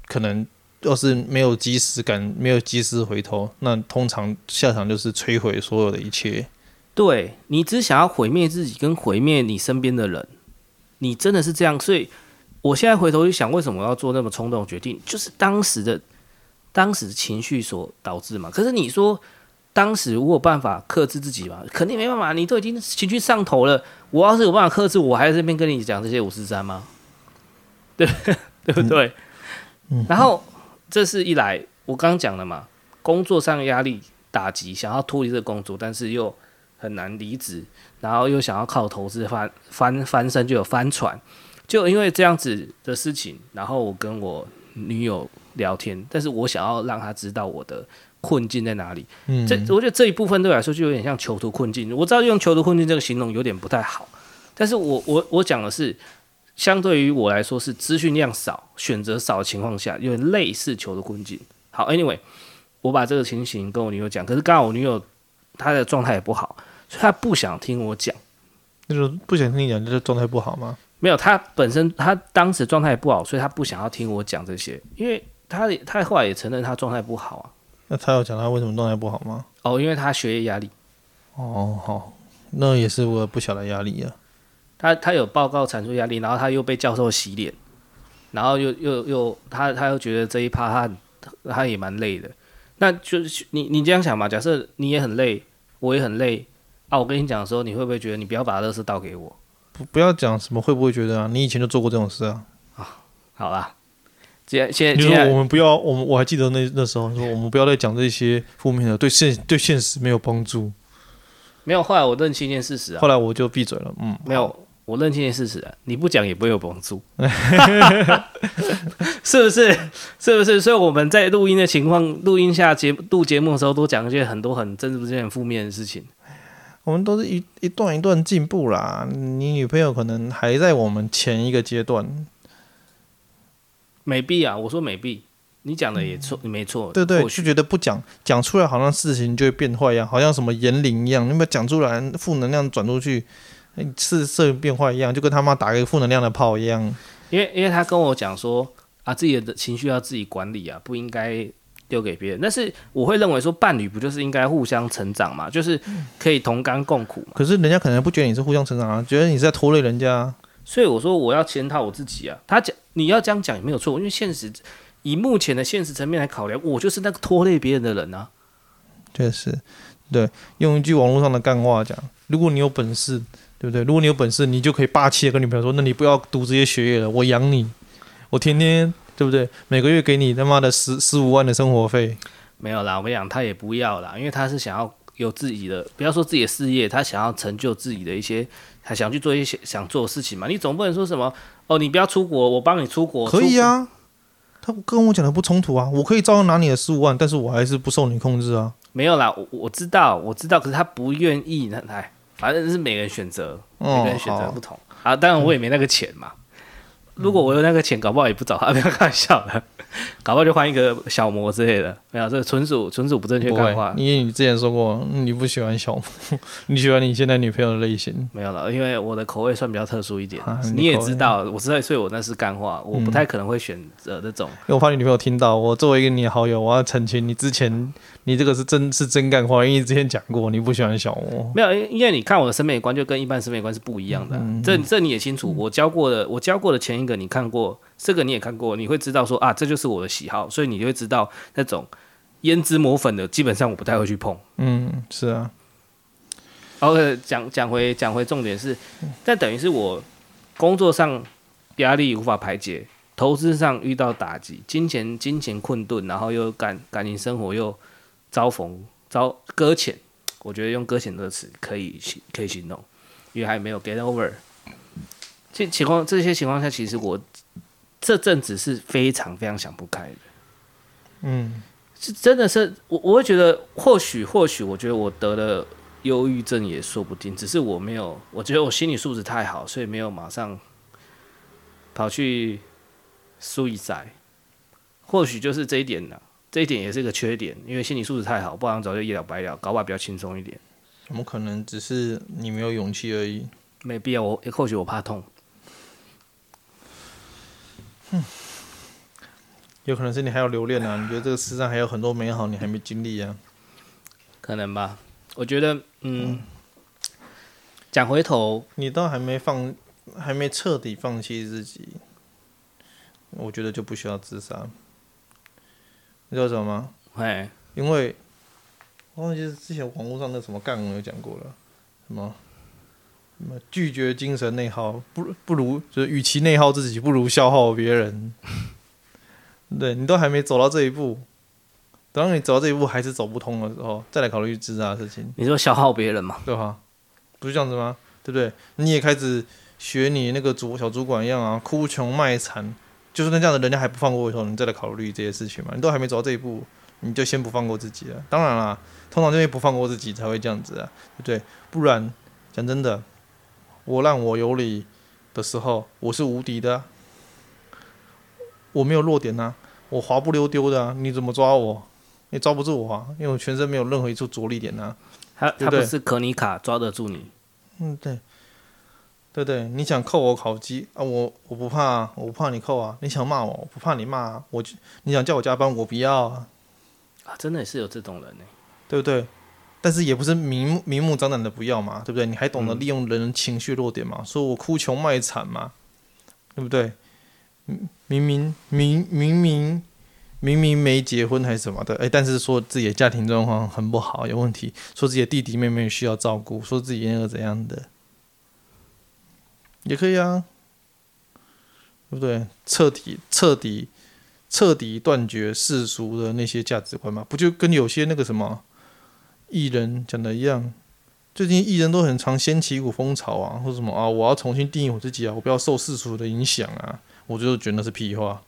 可能要是沒有及時感，沒有及時回頭，那通常下場就是摧毀所有的一切。對，你只想要毀滅自己，跟毀滅你身邊的人，你真的是這樣。所以我現在回頭去想，為什麼我要做那麼衝動的決定，就是當時的當時的情緒所導致嘛。可是你說當時如果有辦法克制自己嘛，肯定沒辦法，你都已經情緒上頭了。我要是有辦法克制我，我還在這邊跟你講這些五四三嗎？對、嗯、 (laughs) 對不對？嗯嗯、然後這是一來我剛、剛講的嘛，工作上的壓力打擊，想要脫離這個工作，但是又很難離職，然後又想要靠投資翻翻翻身就有翻船，就因為這樣子的事情，然後我跟我女友聊天，但是我想要讓她知道我的。困境在哪裡？嗯，這我覺得這一部分對我來說就有點像囚徒困境。我知道用囚徒困境這個形容有點不太好，但是我我我講的是，相對於我來說是資訊量少、選擇少的情況下，有點類似囚徒困境。好，Anyway，我把這個情形跟我女友講。可是剛好我女友她的狀態也不好，所以她不想聽我講。那種不想聽你講，就是狀態不好嗎？沒有，她本身她當時狀態不好，所以她不想要聽我講這些。因為她她後來也承認她狀態不好啊。那他有講他為什麼狀態不好嗎？哦，因為他學業壓力。哦，好、哦，那也是個不小的壓力呀、啊。他他有報告產出壓力，然後他又被教授洗臉，然後又又又他他又覺得這一趴他他也蠻累的。那就你你這樣想吧，假設你也很累，我也很累啊，我跟你講的時候，你會不會覺得你不要把這事倒給我？不，不要講什麼會不會覺得啊？你以前就做過這種事啊？啊，好啦。現在，就是我們不要，我們我還記得那那時候說，我們不要再講這些負面的，對現對現實沒有幫助，沒有，後來，我認清一件事實啊。後來我就閉嘴了，嗯，沒有，我認清一件事實啊，你不講也不會有幫助， (laughs) (laughs) (laughs) 是不是？是不是？所以我們在錄音的情況，錄音下節錄節目的時候，都講一些很多很真實、不是很負面的事情。我們都是一一段一段進步啦，你女朋友可能還在我們前一個階段。沒必啊，我說沒必，你講的也錯，嗯、沒錯，對對，我是覺得不講，講出來好像事情就會變壞一、啊、樣，好像什麼言靈一樣，你把講出來，負能量轉出去，是是變壞一樣，就跟他媽打個負能量的炮一樣。因為因為他跟我講說啊，自己的情緒要自己管理啊，不應該丟給別人。但是我會認為說，伴侶不就是應該互相成長嘛，就是可以同甘共苦、嗯。可是人家可能不覺得你是互相成長啊，覺得你是在拖累人家。所以我說我要檢討我自己啊，他講。你要這樣講也沒有錯，因為現實，以目前的現實層面來考量，我就是那個拖累別人的人啊。確實，對，用一句網絡上的幹話講，如果你有本事，對不對？如果你有本事，你就可以霸氣的跟女朋友說，那你不要讀這些學業了，我養你，我天天，對不對？每個月給你他媽的十十五萬的生活費。沒有啦，我養他也不要啦，因為他是想要。有自己的，不要說自己的事業，他想要成就自己的一些，他想去做一些想做的事情嘛。你總不能說什麼哦，你不要出國，我幫你出國，可以啊。他跟我講的不衝突啊，我可以照樣拿你的十五萬，但是我還是不受你控制啊。沒有啦，我我知道，我知道，可是他不願意呢。哎，反正是每個人選擇，每個人選擇不同啊。哦。好，當然我也沒那個錢嘛。嗯如果我有那個錢，搞不好也不找他。啊、不要開玩笑了，搞不好就換一個小模之類的。沒有，這純屬純屬不正確幹話。因為你之前說過你不喜歡小模， (laughs) 你喜歡你現在女朋友的類型。沒有了，因為我的口味算比較特殊一點。你，你也知道，我是在，所以我那是幹話，我不太可能會選擇那、嗯呃、種。因為我怕你女朋友聽到，我作為一個你好友，我要澄清你之前。你這個是真，是真幹話，因為之前講過，你不喜歡小模。沒有，因為你看我的審美觀就跟一般審美觀是不一樣的、啊嗯，這這你也清楚、嗯。我教過的，我教過的前一個你看過，這個你也看過，你會知道說啊，這就是我的喜好，所以你會知道那種胭脂抹粉的，基本上我不太會去碰。嗯，是啊。OK，講講回講回重點是，在等於是我工作上壓力無法排解，投資上遇到打擊，金錢金錢困頓，然後又感感情生活又。遭逢遭擱淺，我覺得用的“擱淺”這個詞可以行，可以行動，因為還沒有 get over。這情況，這些情況下，其實我這陣子是非常非常想不開的。嗯，是真的是我，我會覺得或許或許，我覺得我得了憂鬱症也說不定，只是我沒有，我覺得我心理素質太好，所以沒有馬上跑去輸一賽。或許就是這一點了、啊。這一點也是一個缺點，因為心理素質太好，不然早就一了百了。搞法比較輕鬆一點。怎麼可能？只是你沒有勇氣而已。沒必要，我、欸、或許我怕痛。有可能是你還要留戀呢、啊？你覺得這個世上還有很多美好，你還沒經歷啊？可能吧。我覺得嗯，嗯，講回頭，你倒還沒放，還沒徹底放棄自己，我覺得就不需要自殺。你知什麼因為我忘記是之前網絡上那什麼幹我有講過了，什麼什麼拒絕精神內耗，不不如就是與其內耗自己，不如消耗別人。對你都還沒走到這一步，等你走到這一步還是走不通的時候，再來考慮自殺的事情。你就消耗別人嘛對吧？不是這樣子嗎？對不對？你也開始學你那個主小主管一樣啊，哭窮賣慘。就是那這樣子，人家還不放過我的時候，你再來考慮這些事情嘛？你都還沒走到這一步，你就先不放過自己了。當然了，通常因為不放過自己才會這樣子啊，對不對？不然，講真的，我讓我有理的時候，我是無敵的，我沒有弱點吶、啊，我滑不溜丟的、啊，你怎麼抓我？你抓不住我、啊，因為我全身沒有任何一處着力點吶、啊。他他不是可妮卡抓得住你？嗯，對。對不對，你想扣我考績啊？我我不怕，我不怕你扣啊！你想罵我，我不怕你罵啊！我你想叫我加班，我不要啊！啊，真的也是有這種人呢、欸，對不對？但是也不是明明目張膽的不要嘛，對不對？你還懂得利用人的情緒弱點嘛、嗯？說我哭窮賣慘嘛？對不對？明明明，明明明明明明沒結婚還是什麼的哎，但是說自己的家庭狀況很不好有問題，說自己的弟弟妹妹需要照顧，說自己那個怎樣的。也可以啊，對不對？徹底、徹底、徹底斷絕世俗的那些價值觀嘛，不就跟有些那個什麼藝人講的一樣？最近藝人都很常掀起一股風潮啊，或是什麼啊，我要重新定義我自己啊，我不要受世俗的影響啊，我就覺得是屁話。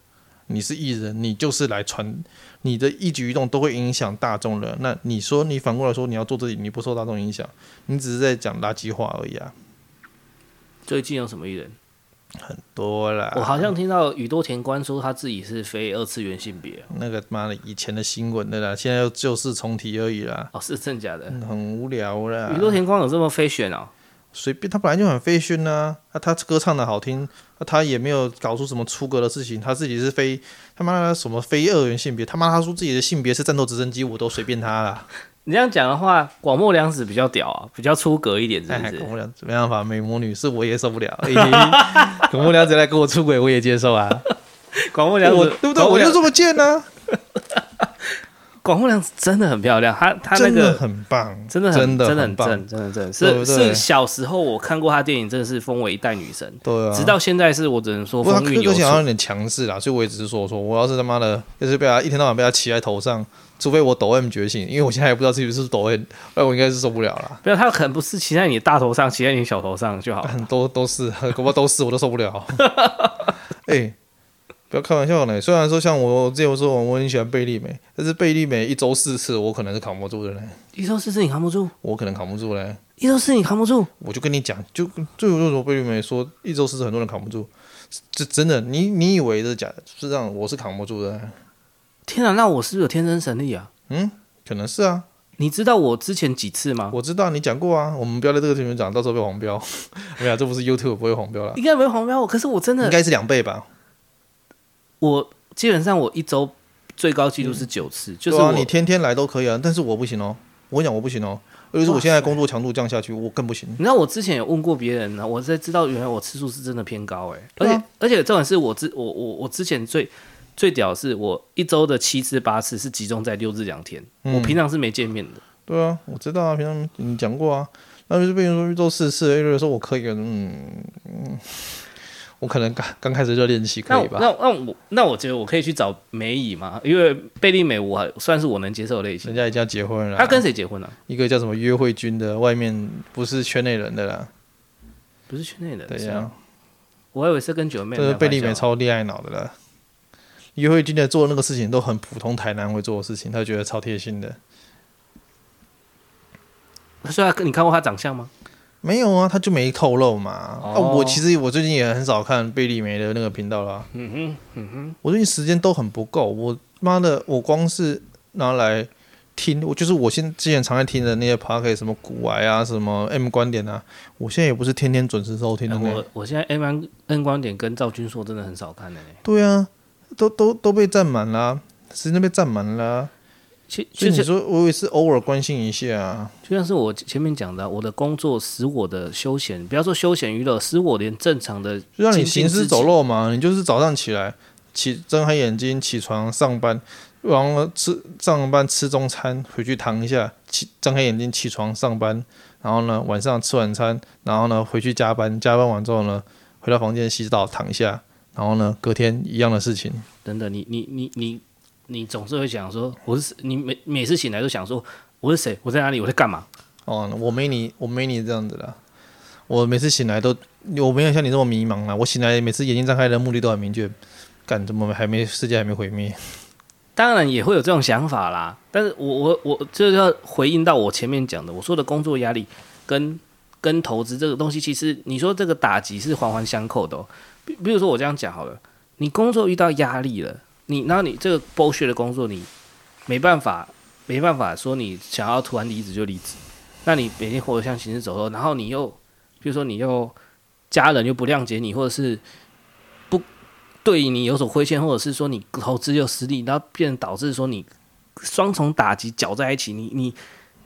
你是藝人，你就是來傳，你的一舉一動都會影響大眾的。那你說你反過來說你要做自己，你不受大眾影響，你只是在講垃圾話而已啊。最近有什麼藝人？很多啦，我好像聽到宇多田光說他自己是非二次元性別、啊。那個他媽的，以前的新聞，對啦，現在又舊事重提而已啦。哦，是真的假的，嗯？很無聊啦。宇多田光有這麼 fashion 哦？隨便，他本來就很 fashion 吶。那他歌唱的好聽，他也沒有搞出什麼出格的事情。他自己是非他媽的什麼非二次元性別？他媽他說自己的性別是戰鬥直升機，我都隨便他啦。 (laughs) 你這樣講的話，廣末涼子比較屌啊，比較出格一點，是不是？哎、廣末涼子，沒辦法，美魔女士，我也受不了，廣末涼子來跟我出軌，我也接受啊。廣末涼子，對不對？我就這麼賤呢、啊。 (laughs) 廣末涼子真的很漂亮，她她那個真的，很棒，真的很真的很棒，真的很真的很正，真的真是對對是小時候我看過她電影，真的是封為一代女神。對啊，直到現在是我只能說風。而且好像有點強勢啦。所以我也只是說說，我要是他媽的，要，就是被她一天到晚被她騎在頭上，除非我抖 M 覺醒，因為我現在也不知道自己是不是抖 M，那我應該是受不了啦。沒有，她可能不是騎在你的大頭上，騎在你的小頭上就好。很多都都是，恐怕都是，我都受不了。哎、 (laughs) 欸。不要開玩笑呢，雖然說像我之前我說我很喜歡貝利美，但是貝利美一週四次，我可能是扛不住的嘞。一週四次你扛不住？我可能扛不住嘞。一週四次你扛不住？我就跟你講，就就為什麼貝利美說一週四次很多人扛不住？這真的，你你以為這是假的，事實上我是扛不住的。天啊，那我是不是有天生神力啊？嗯，可能是啊。你知道我之前幾次嗎？我知道你講過啊，我們不要在這個節目講，到時候被黃標。 (laughs) (laughs) 沒有，這不是 YouTube 不會黃標了。應該沒有黃標，可是我真的應該是兩倍吧。我基本上我一週最高記錄是九次、嗯啊，就是你天天來都可以啊，但是我不行哦、喔，我講我不行哦、喔，尤其是我現在工作強度降下去，我更不行。你知道我之前也問過別人啊，我才知道原來我次數是真的偏高哎、欸啊，而且而且重點是我之我我我之前最最屌是，我一週的七次八次是集中在六至兩天、嗯，我平常是沒見面的。對啊，我知道啊，平常你講過啊，那於是變成說一週四次、欸，有人說我可以，嗯嗯。我可能剛剛開始熱戀期，可以吧？那我那我那我，那我覺得我可以去找梅姨嘛，因為貝利美我算是我能接受類型。人家已經要結婚了、啊，他跟誰結婚了、啊？一個叫什麼約會君的，外面不是圈內人的啦，不是圈內人的。對呀、啊。我以為是跟九妹。這、就、個、是、貝利美超戀愛腦的了，約會君的做那個事情都很普通，台男會做的事情，他覺得超貼心的。他雖你看過他長相嗎？沒有啊，他就沒透露嘛、哦。啊，我其實我最近也很少看貝利梅的那個頻道啦。嗯哼，嗯哼，我最近時間都很不夠。我媽的，我光是拿來聽，我就是我現在之前常在聽的那些 podcast 什麼股癌啊，什麼 M 觀點啊，我現在也不是天天準時收聽的、嗯。我我現在 M M 觀點跟趙君朔真的很少看的、欸。對啊，都都都被占滿了，時間都被占滿了。其實你說我也是偶爾關心一下，啊，就像是我前面講的，我的工作使我的休閒，不要說休閒娛樂，使我連正常的，就讓你行屍走肉嘛，你就是早上起來起睜開眼睛起床上班，然後呢，吃上班吃中餐回去躺一下，起睜開眼睛起床上班，然後呢，晚上吃晚餐，然後呢回去加班，加班完之後呢回到房間洗澡躺一下，然後呢隔天一樣的事情。等等，你你你你。你總是會想說我是你每每次醒來都想說，我是誰？我在哪裡？我在幹嘛？哦，我沒你我沒你這樣子啦，我每次醒來都我沒有像你這麼迷茫啦。我醒來每次眼睛張開的目的都很明確，幹，怎麼還沒世界還沒毀滅？當然也會有這種想法啦，但是我我我就要回應到我前面講的，我說的工作壓力跟跟投資這個東西，其實你說這個打擊是環環相扣的喔。比比如說我這樣講好了，你工作遇到壓力了。你那你這個剝削的工作，你沒辦法，沒辦法說你想要突然離職就離職。那你每天活得像行屍走肉，然後你又，比如說你又家人又不諒解你，或者是不對你有所虧欠，或者是說你投資又失利，然後變成導致說你雙重打擊攪在一起，你你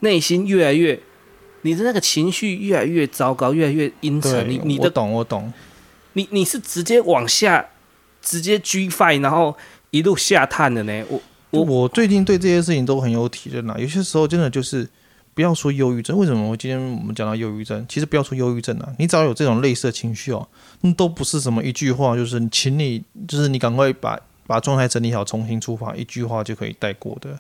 內心越來越，你的那個情緒越來越糟糕，越來越陰沉。你你的懂我懂。我懂你,你你是直接往下直接 G five 然後。一路下探的呢，我我我最近對這些事情都很有體認啊。有些時候真的就是不要說憂鬱症，為什麼？我今天我們講到憂鬱症，其實不要說憂鬱症啊，你只要有這種類似的情緒哦、啊，那都不是什麼一句話，就是你請你，就是你趕快把把狀態整理好，重新出發，一句話就可以帶過的。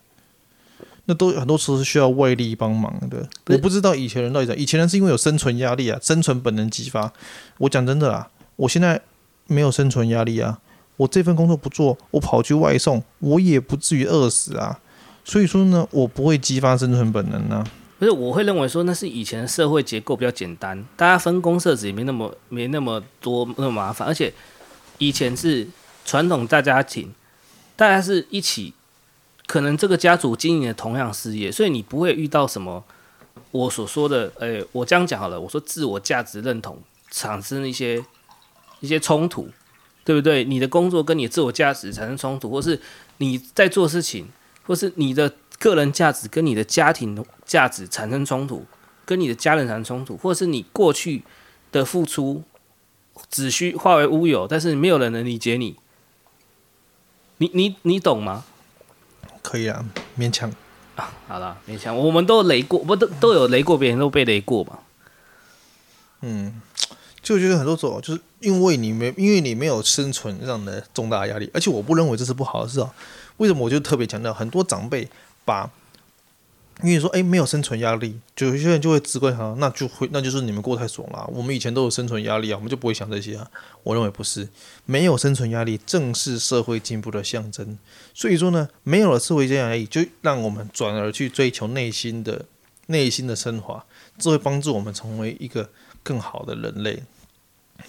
那都很多時候是需要外力幫忙的。我不知道以前人到底在，以前人是因為有生存壓力啊，生存本能激發。我講真的啦，我現在沒有生存壓力啊。我這份工作不做，我跑去外送，我也不至於餓死啊。所以說呢，我不會激發生存本能呢、啊。不是，我會認為說那是以前社會結構比較簡單，大家分工設置也沒那麼沒那麼多那麼麻煩，而且以前是傳統大家庭，大家是一起，可能這個家族經營的同樣的事業，所以你不會遇到什麼我所說的，誒、欸，我這樣講好了，我說自我價值認同產生一些一些衝突。對不對？你的工作跟你的自我價值產生衝突，或是你在做事情，或是你的個人價值跟你的家庭價值產生衝突，跟你的家人產生衝突，或是你過去的付出只需化為烏有，但是沒有人能理解你。你你你懂嗎？可以啊，勉強啊，好了，勉強。我們都雷過，我都都有雷過，別人都被雷過吧。嗯，就覺得很多種就是。因為你沒，因為你沒有生存上的重大壓力，而且我不認為這是不好的事、啊。為什麼我就特別強調？很多長輩把，因為說哎、欸、沒有生存壓力，就有些人就會責怪他，那就會那就是你們過太爽了。我們以前都有生存壓力啊，我們就不會想這些啊。我認為不是，沒有生存壓力正是社會進步的象徵。所以說呢，沒有了社會這樣的壓力，就讓我們轉而去追求內心的內心的升華，這會幫助我們成為一個更好的人類。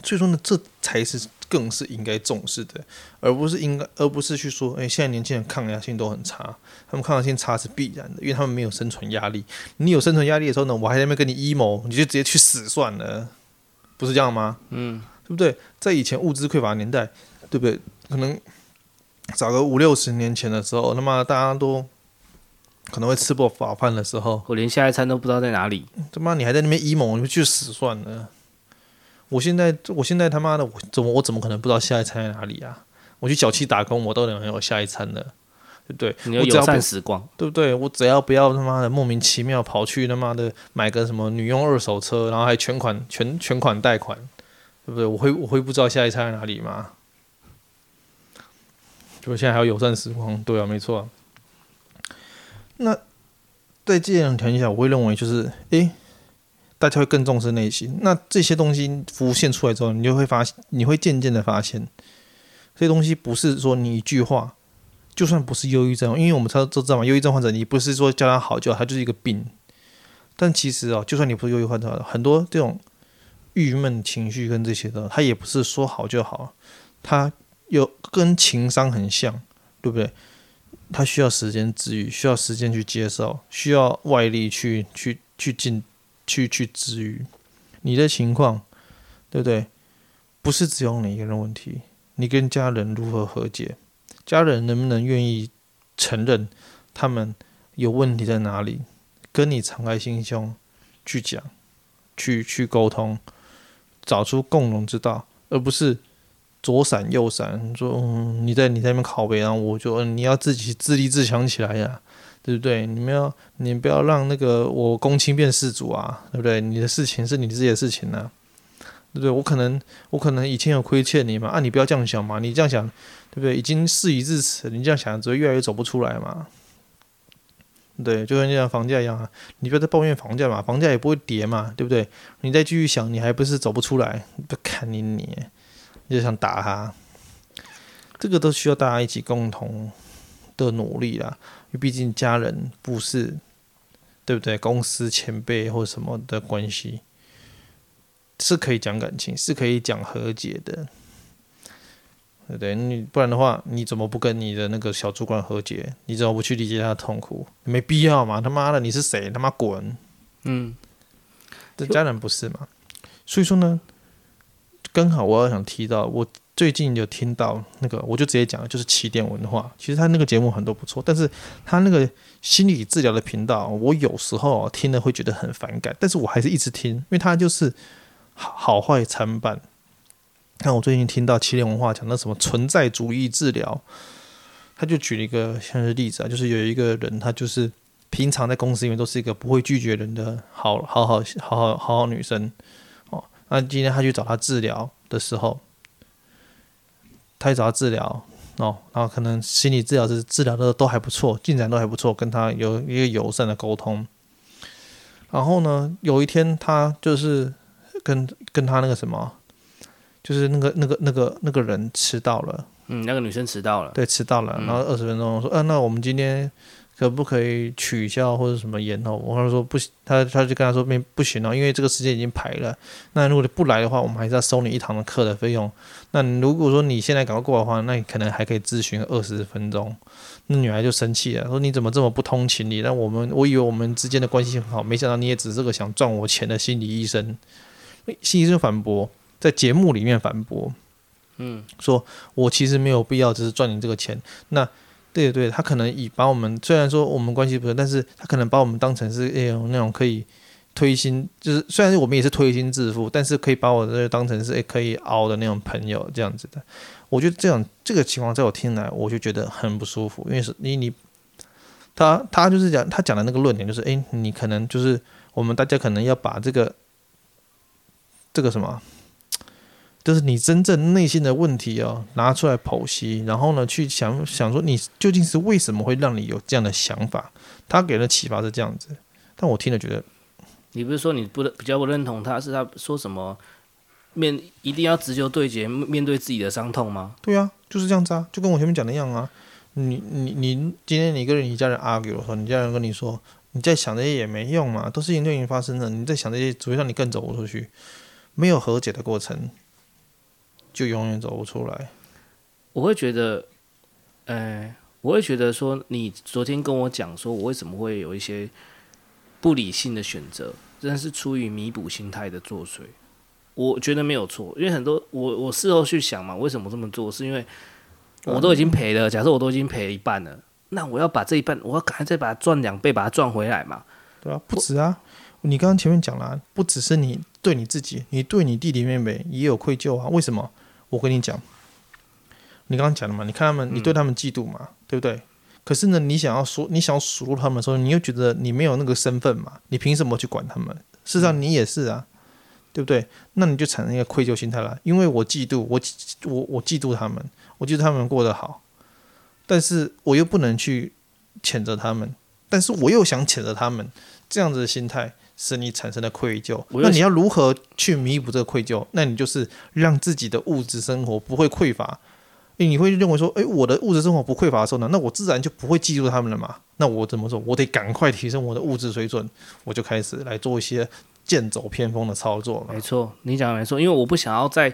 所以說呢，這才是更是應該重視的，而不是應該，而不是去說，哎、欸，現在年輕人抗壓性都很差，他們抗壓性差是必然的，因為他們沒有生存壓力。你有生存壓力的時候呢，我還在那邊跟你 EMO，你就直接去死算了，不是這樣嗎？嗯，對不對？在以前物資匱乏年代，對不對？可能找個五六十年前的時候，他媽大家都可能會吃不飽飯的時候，我連下一餐都不知道在哪裡，他媽你還在那邊 EMO，你就去死算了。我現在，我現在他媽的，我怎麼，我怎麼可能不知道下一餐在哪裡啊？我去小七打工，我都能有下一餐的，對不對？你要友善時光，對不對？我只要不要他媽的莫名其妙跑去他媽的買個什麼女用二手車，然後還全款全全款貸款，對不對？我會我會不知道下一餐在哪裡嗎？就我現在還有友善時光，對啊，沒錯啊。 (laughs) 那在這樣的條件下，我會認為就是誒。大家會更重視內心。那這些東西浮現出來之後，你就會發現，你會漸漸的發現，這些東西不是說你一句話，就算不是憂鬱症，因為我們大都知道嘛，憂鬱症患者你不是說叫他好就好，他就是一個病。但其實哦，就算你不是憂鬱患者，很多這種鬱悶情緒跟這些的，他也不是說好就好，他有跟情商很像，對不對？他需要時間治癒，需要時間去接受，需要外力去去去進。去去治癒你的情況，對不對？不是只有你一個人問題。你跟家人如何和解？家人能不能願意承認他們有問題在哪裡？跟你敞開心胸去講，去去溝通，找出共同之道，而不是左閃右閃。說、嗯、你在你在那邊靠北，然後我就嗯，你要自己自立自強起來呀、啊。對不對？你們要，你不要讓那個我公親變事主啊，對不對？你的事情是你自己的事情呢、啊，對不對？我可能，我可能以前有虧欠你嘛，啊，你不要這樣想嘛，你這樣想，對不對？已經事已至此，你這樣想只會越來越走不出來嘛。對，就像就像房價一樣啊，你不要再抱怨房價嘛，房價也不會跌嘛，對不對？你再繼續想，你還不是走不出來？不看你你，你就想打他，這個都需要大家一起共同的努力啊。因為畢竟家人不是，對不對？公司前輩或者什麼的關係，是可以講感情，是可以講和解的，對不對？你不然的話，你怎麼不跟你的那個小主管和解？你怎麼不去理解他的痛苦？沒必要嘛！他媽的，你是誰？他媽滾！嗯，這家人不是嘛？所以說呢，剛好我要想提到我。最近有聽到那個，我就直接講，就是起點文化。其實他那個節目很多不錯，但是他那個心理治療的頻道，我有時候聽了會覺得很反感，但是我還是一直聽，因為他就是好壞參半。看我最近聽到起點文化講到什麼存在主義治療，他就舉了一個像是例子啊，就是有一個人，他就是平常在公司裡面都是一個不會拒絕人的好好好好好好好女生哦，那今天他去找他治療的時候。他去找他治療，哦，然後可能心理治療是治療的都還不錯，進展都還不錯，跟他有一個友善的溝通。然後呢，有一天他就是跟跟他那個什麼，就是那個那個那個那個人遲到了，嗯，那個女生遲到了，對，遲到了，然後二十分鐘我說，嗯，啊，那我們今天。可不可以取消或者什麼延後？我跟他說不行，他他就跟他說不行了，哦，因為這個時間已經排了。那如果你不來的話，我們還是要收你一堂的課的費用。那如果說你現在趕快過來的話，那你可能還可以諮詢二十分鐘。那女孩就生氣了，說你怎麼這麼不通情理？那我們我以為我們之間的關係很好，沒想到你也只是個想賺我錢的心理醫生。心理醫生反駁，在節目裡面反駁，嗯，說我其實沒有必要只是賺你這個錢。那對對，他可能以把我們雖然說我們關係不是，但是他可能把我們當成是哎呦，那種可以推心，就是雖然我們也是推心置腹，但是可以把我這當成是、哎、可以凹的那種朋友這樣子的。我覺得這樣這個情況在我聽來，我就覺得很不舒服，因為是，你你他他就是講他講的那個論點就是，哎，你可能就是我們大家可能要把這個這個什麼。就是你真正內心的問題哦，拿出來剖析，然後呢，去想想說你究竟是為什麼會讓你有這樣的想法？他給的啟發是這樣子，但我聽了覺得，你不是說你不比較不認同他，是他說什麼面一定要直球對決，面對自己的傷痛嗎？對啊，就是這樣子啊，就跟我前面講的一樣啊。你你你今天你跟你家人 argue 的時候，你家人跟你說你在想這些也沒用嘛，都是因緣因發生的，你在想這些只會讓你更走不出去，沒有和解的過程。就永遠走不出來。我會覺得，呃、欸，我會覺得說，你昨天跟我講說，我為什麼會有一些不理性的選擇，真的是出於彌補心態的作祟。我覺得沒有錯，因為很多我我事後去想嘛，為什麼這麼做?是因為我都已經賠了，假設我都已經賠一半了，那我要把這一半，我要趕快再把它賺兩倍，把它賺回來嘛。對啊，不止啊。你剛剛前面講了，不只是你對你自己，你對你弟弟妹妹也有愧疚啊？為什麼？我跟你講，你剛剛講的嘛，你看他們，你對他們嫉妒嘛，嗯、對不對？可是呢，你想要說，你想要數落他們的時候，你又覺得你沒有那個身份嘛，你憑什麼去管他們？事實上，你也是啊，對不對？那你就產生一個愧疚心態了，因為我嫉妒，我我我嫉妒他們，我嫉妒他們過得好，但是我又不能去譴責他們，但是我又想譴責他們，這樣子的心態。使你產生的愧疚，那你要如何去彌補這個愧疚？那你就是讓自己的物質生活不會匱乏。你會認為說，哎、欸，我的物質生活不匱乏的時候呢，那我自然就不會記住他們了嘛。那我怎麼做？我得趕快提升我的物質水準，我就開始來做一些劍走偏鋒的操作嘛。沒錯，你講的沒錯，因為我不想要在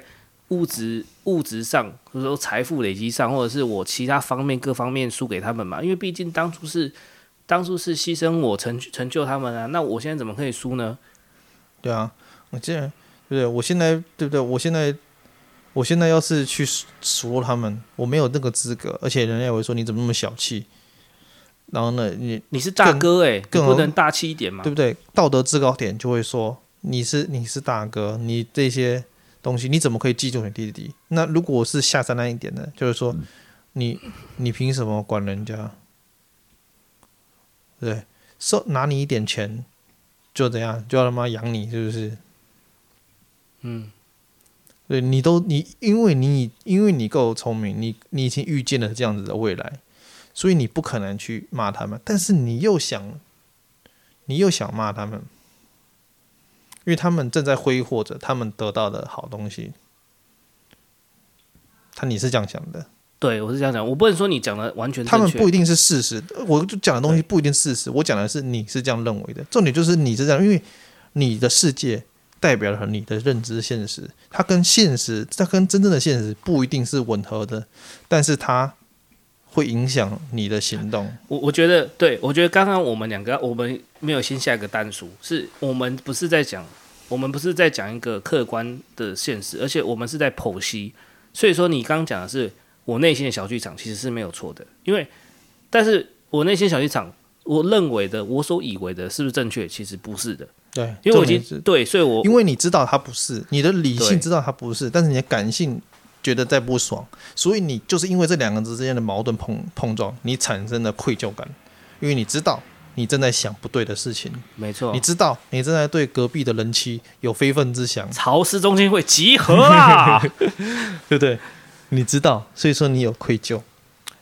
物質物質上，或者說財富累積上，或者是我其他方面各方面輸給他們嘛。因為畢竟當初是。當初是犧牲我成成就他們啊，那我現在怎麼可以輸呢？對啊，我既然對不對？對，我現在對不對？我現在我現在要是去說他們，我沒有那個資格，而且人家也會說你怎麼那麼小氣？然後呢，你你是大哥誒、欸，更何不能大氣一點嘛。對不對，對？道德制高點就會說你是你是大哥，你這些東西你怎麼可以記住你弟弟？那如果我是下三濫一點的，就是說你你憑什麼管人家？對，收拿你一點錢，就這樣，就要他媽養你，是不是？嗯，對你都你因為你因為你夠聰明，你你已經預見了這樣子的未來，所以你不可能去罵他們，但是你又想，你又想罵他們，因為他們正在揮霍着他們得到的好東西。他你是這樣想的。對，我是這樣講，我不能說你講的完全。他們不一定是事實，我就講的東西不一定是事實。我講的是你是這樣認為的，重點就是你是這樣，因為你的世界代表了你的認知現實，它跟現實，它跟真正的現實不一定是吻合的，但是它會影響你的行動。我我覺得，對我覺得剛剛我們兩個，我們沒有先下一個單數，是我們不是在講，我們不是在講一個客觀的現實，而且我們是在剖析。所以說，你剛剛講的是。我內心的小劇場其實是沒有錯的，因為，但是我內心小劇場，我認為的，我所以為的是不是正確？其實不是的，對，因為我已經對，所以我因為你知道他不是，你的理性知道他不是，但是你的感性覺得在不爽，所以你就是因為這兩個字之間的矛盾碰碰撞，你產生了愧疚感，因為你知道你正在想不對的事情，沒錯，你知道你正在對隔壁的人妻有非分之想，潮濕中心會集合啦、啊、 (laughs) (laughs) 對不對？你知道，所以說你有愧疚，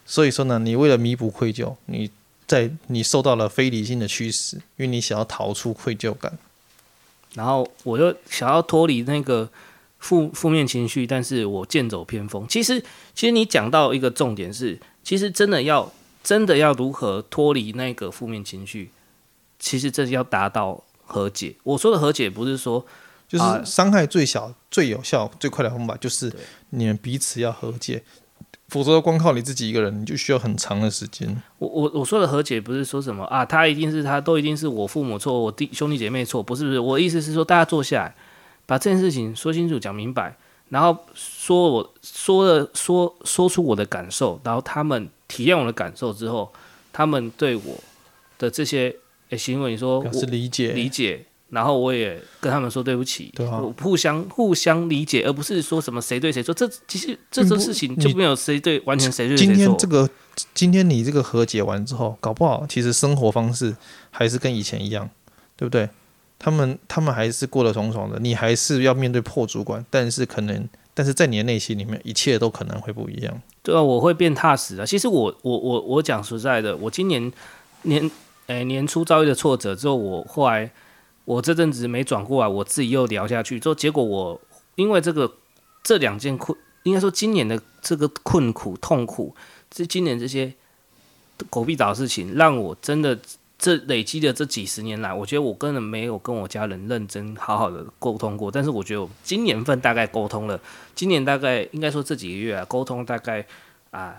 所以說呢，你為了彌補愧疚，你在你受到了非理性的驅使，因為你想要逃出愧疚感，然後我又想要脫離那個負負面情緒，但是我劍走偏鋒。其實，其實你講到一個重點是，其實真的要真的要如何脫離那個負面情緒，其實這是要達到和解。我說的和解不是說。就是傷害最小、啊、最有效、最快的方法，就是你們彼此要和解，否則光靠你自己一個人，你就需要很長的時間。我我我說的和解不是說什麼啊，他一定是他都一定是我父母錯，我弟兄弟姐妹錯，不是不是，我的意思是說，大家坐下來，把這件事情說清楚、講明白，然後說我說的說說出我的感受，然後他們體驗我的感受之後，他們對我的這些行為說表示理解，我理解理解。然後我也跟他們說對不起，對啊、我互相互相理解，而不是說什麼誰對誰錯。這其實這種事情就沒有誰對完全誰對誰錯。今天這個今天你這個和解完之後，搞不好其實生活方式還是跟以前一樣，對不對？他們他們還是過得爽爽的，你還是要面對破主管，但是可能但是在你的內心裡面，一切都可能會不一樣。對啊，我會變踏實啊。其實我我我我講實在的，我今年年誒年初遭遇的挫折之後，我後來。我這陣子沒轉過來，我自己又聊下去，就結果我因為這個這兩件困，應該說今年的這個困苦、痛苦，這今年這些狗屁倒灶的事情，讓我真的這累積的這幾十年來，我覺得我根本沒有跟我家人認真好好的溝通過。但是我覺得我今年份大概溝通了，今年大概應該說這幾個月啊，溝通大概啊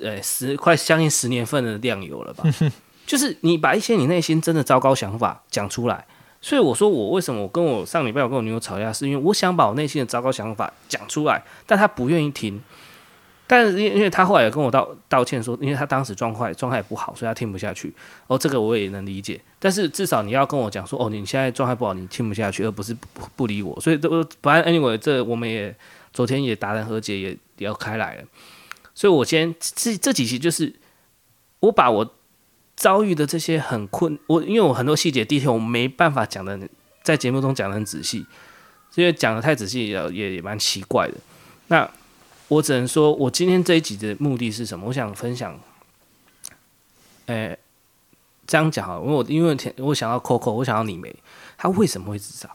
呃、欸、十快將近十年份的量有了吧， (laughs) 就是你把一些你內心真的糟糕想法講出來。所以我說我為什麼我跟我上禮拜我跟我女友吵架，是因為我想把我內心的糟糕想法講出來，但她不願意聽。但是因因為她後來也跟我道道歉說，因為她當時狀態狀態不好，所以她聽不下去。哦，這個我也能理解。但是至少你要跟我講說，哦，你現在狀態不好，你聽不下去，而不是不不理我。所以這不然，Anyway，這我們也昨天也達成和解，也聊開來了。所以，我先這這幾集就是我把我。遭遇的這些很困，我因為我很多細節，的確我沒辦法講的，在節目中講的很仔細，所以講的太仔細也也蠻奇怪的。那我只能說，我今天這一集的目的是什麼？我想分享，誒、欸，這樣講好我，因為我因為我想要 Coco，我想要, Coco, 我想要李玟，他為什麼會自殺？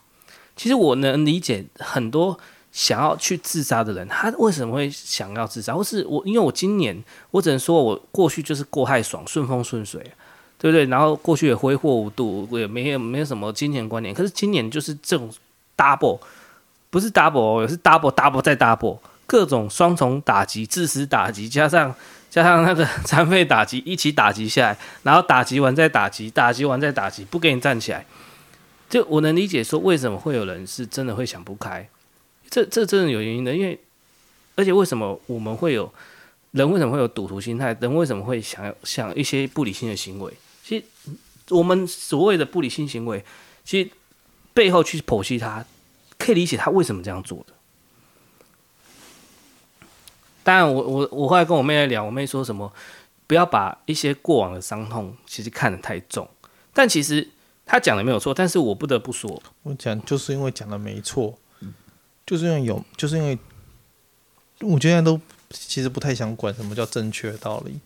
其實我能理解很多想要去自殺的人，他為什麼會想要自殺，或是我因為我今年，我只能說，我過去就是過太爽，順風順水。對不對？然後過去也揮霍無度，我也沒有沒有什麼金錢觀念。可是今年就是這種 double，不是 double 哦，也是 double double 再 double，各種雙重打擊、致死打擊，加上加上那個殘廢打擊一起打擊下來，然後打擊完再打擊，打擊完再打擊，不給你站起來。就我能理解說為什麼會有人是真的會想不開，這這真的有原因的。因為而且為什麼我們會有人為什麼會有賭徒心態？人為什麼會想想一些不理性的行為？其實我們所謂的不理性行為，其實背後去剖析他，可以理解他為什麼這樣做的。當然我，我我我後來跟我妹來聊，我妹說什麼，不要把一些過往的傷痛其實看得太重。但其實他講的沒有錯，但是我不得不說，我講就是因為講的沒錯，就是因為有，就是因為我現在都其實不太想管什麼叫正確的道理，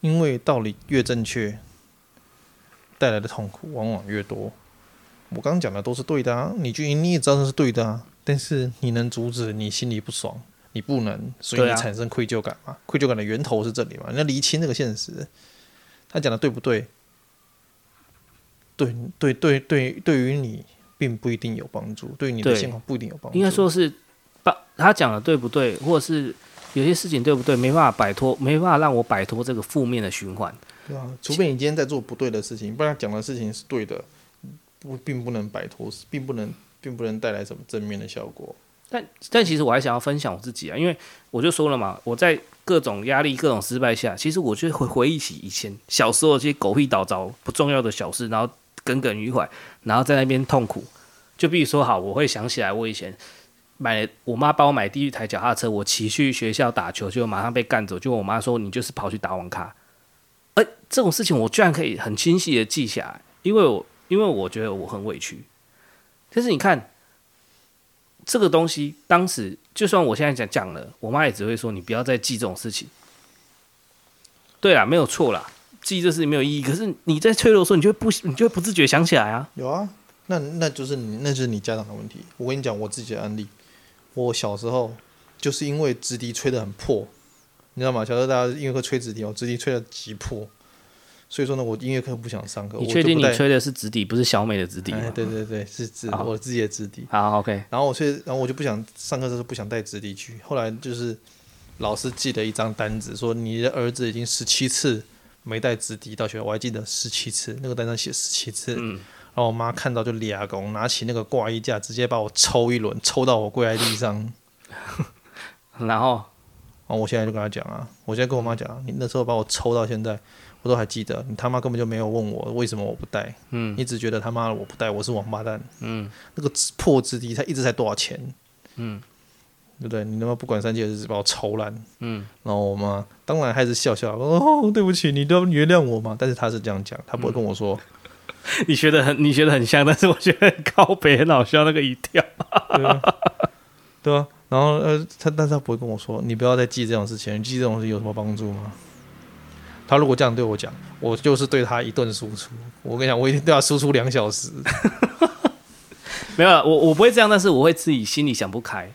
因為道理越正確。帶來的痛苦往往越多。我剛剛講的都是對的啊，你就你也知道那是對的啊，但是你能阻止你心裡不爽，你不能，所以你產生愧疚感嘛。啊、愧疚感的源頭是這裡嘛？你要理清這個現實。他講的對不對？對對對對，對於你並不一定有幫助，對於你的情況不一定有幫助。應該說是把他講的對不對，或者是有些事情對不對，沒辦法擺脫，沒辦法讓我擺脫這個負面的循環。對啊，除非你今天在做不對的事情，不然講的事情是對的，不並不能擺脫，並不能並不能帶來什麼正面的效果。但但其實我還想要分享我自己啊，因為我就說了嘛，我在各種壓力、各種失敗下，其實我就會回，回憶起以前小時候這些狗屁倒灶不重要的小事，然後耿耿於懷，然後在那邊痛苦。就比如說，哈，我會想起來我以前買我媽幫我買第一台腳踏車，我騎去學校打球，就馬上被趕走，就我媽說你就是跑去打網咖。這種事情我居然可以很清晰的記下來，因為我因為我覺得我很委屈，但是你看，這個東西當時就算我現在講講了，我媽也只會說，你不要再記這種事情。對啦，沒有錯啦，記這事情沒有意義。可是你在脆弱的時候，你就會不你就會不自覺想起來啊。有啊，那那就是你那就是你家長的問題。我跟你講我自己的案例，我小時候就是因為直笛吹得很破，你知道嗎？小時候大家因為會吹直笛哦，我直笛吹得極破。所以說呢，我音樂課不想上課。你確定你吹的是直笛，不是小美的直笛，哎。對對對，是直，oh。我自己的直笛。好，oh，OK。然後我吹，然後我就不想上課，的時候不想帶直笛去。後來就是老師寄了一張單子，說你的兒子已經十七次沒帶直笛到學校，我還記得十七次，那個單上寫十七次。嗯。然後我媽看到就裂牙弓，拿起那個掛衣架，直接把我抽一輪，抽到我跪在地上。 (laughs) 然後，哦，我現在就跟他講啊，我現在跟我媽講，你那時候把我抽到現在。我都還記得，你他媽根本就沒有問我為什麼我不帶，嗯，一直覺得他媽的我不帶，我是王八蛋，嗯，那個破紙幣他一直才多少錢，嗯，對不對？你他媽不管三七二十一，把我抽爛，嗯，然後我媽當然還是笑笑說，哦，對不起，你都要原諒我嘛。但是他是這樣講，他不會跟我說、嗯、你學的很你學的很像，但是我覺得很靠北很好笑那個一跳， (laughs) 對啊，對啊，然後呃他但是他不會跟我說你不要再記這種事情，你記這種事情有什麼幫助嗎？他如果這樣對我講，我就是對他一頓輸出。我跟你講，我一定對他輸出兩小時。 (laughs) 沒有，我我不會這樣，但是我會自己心裡想不開。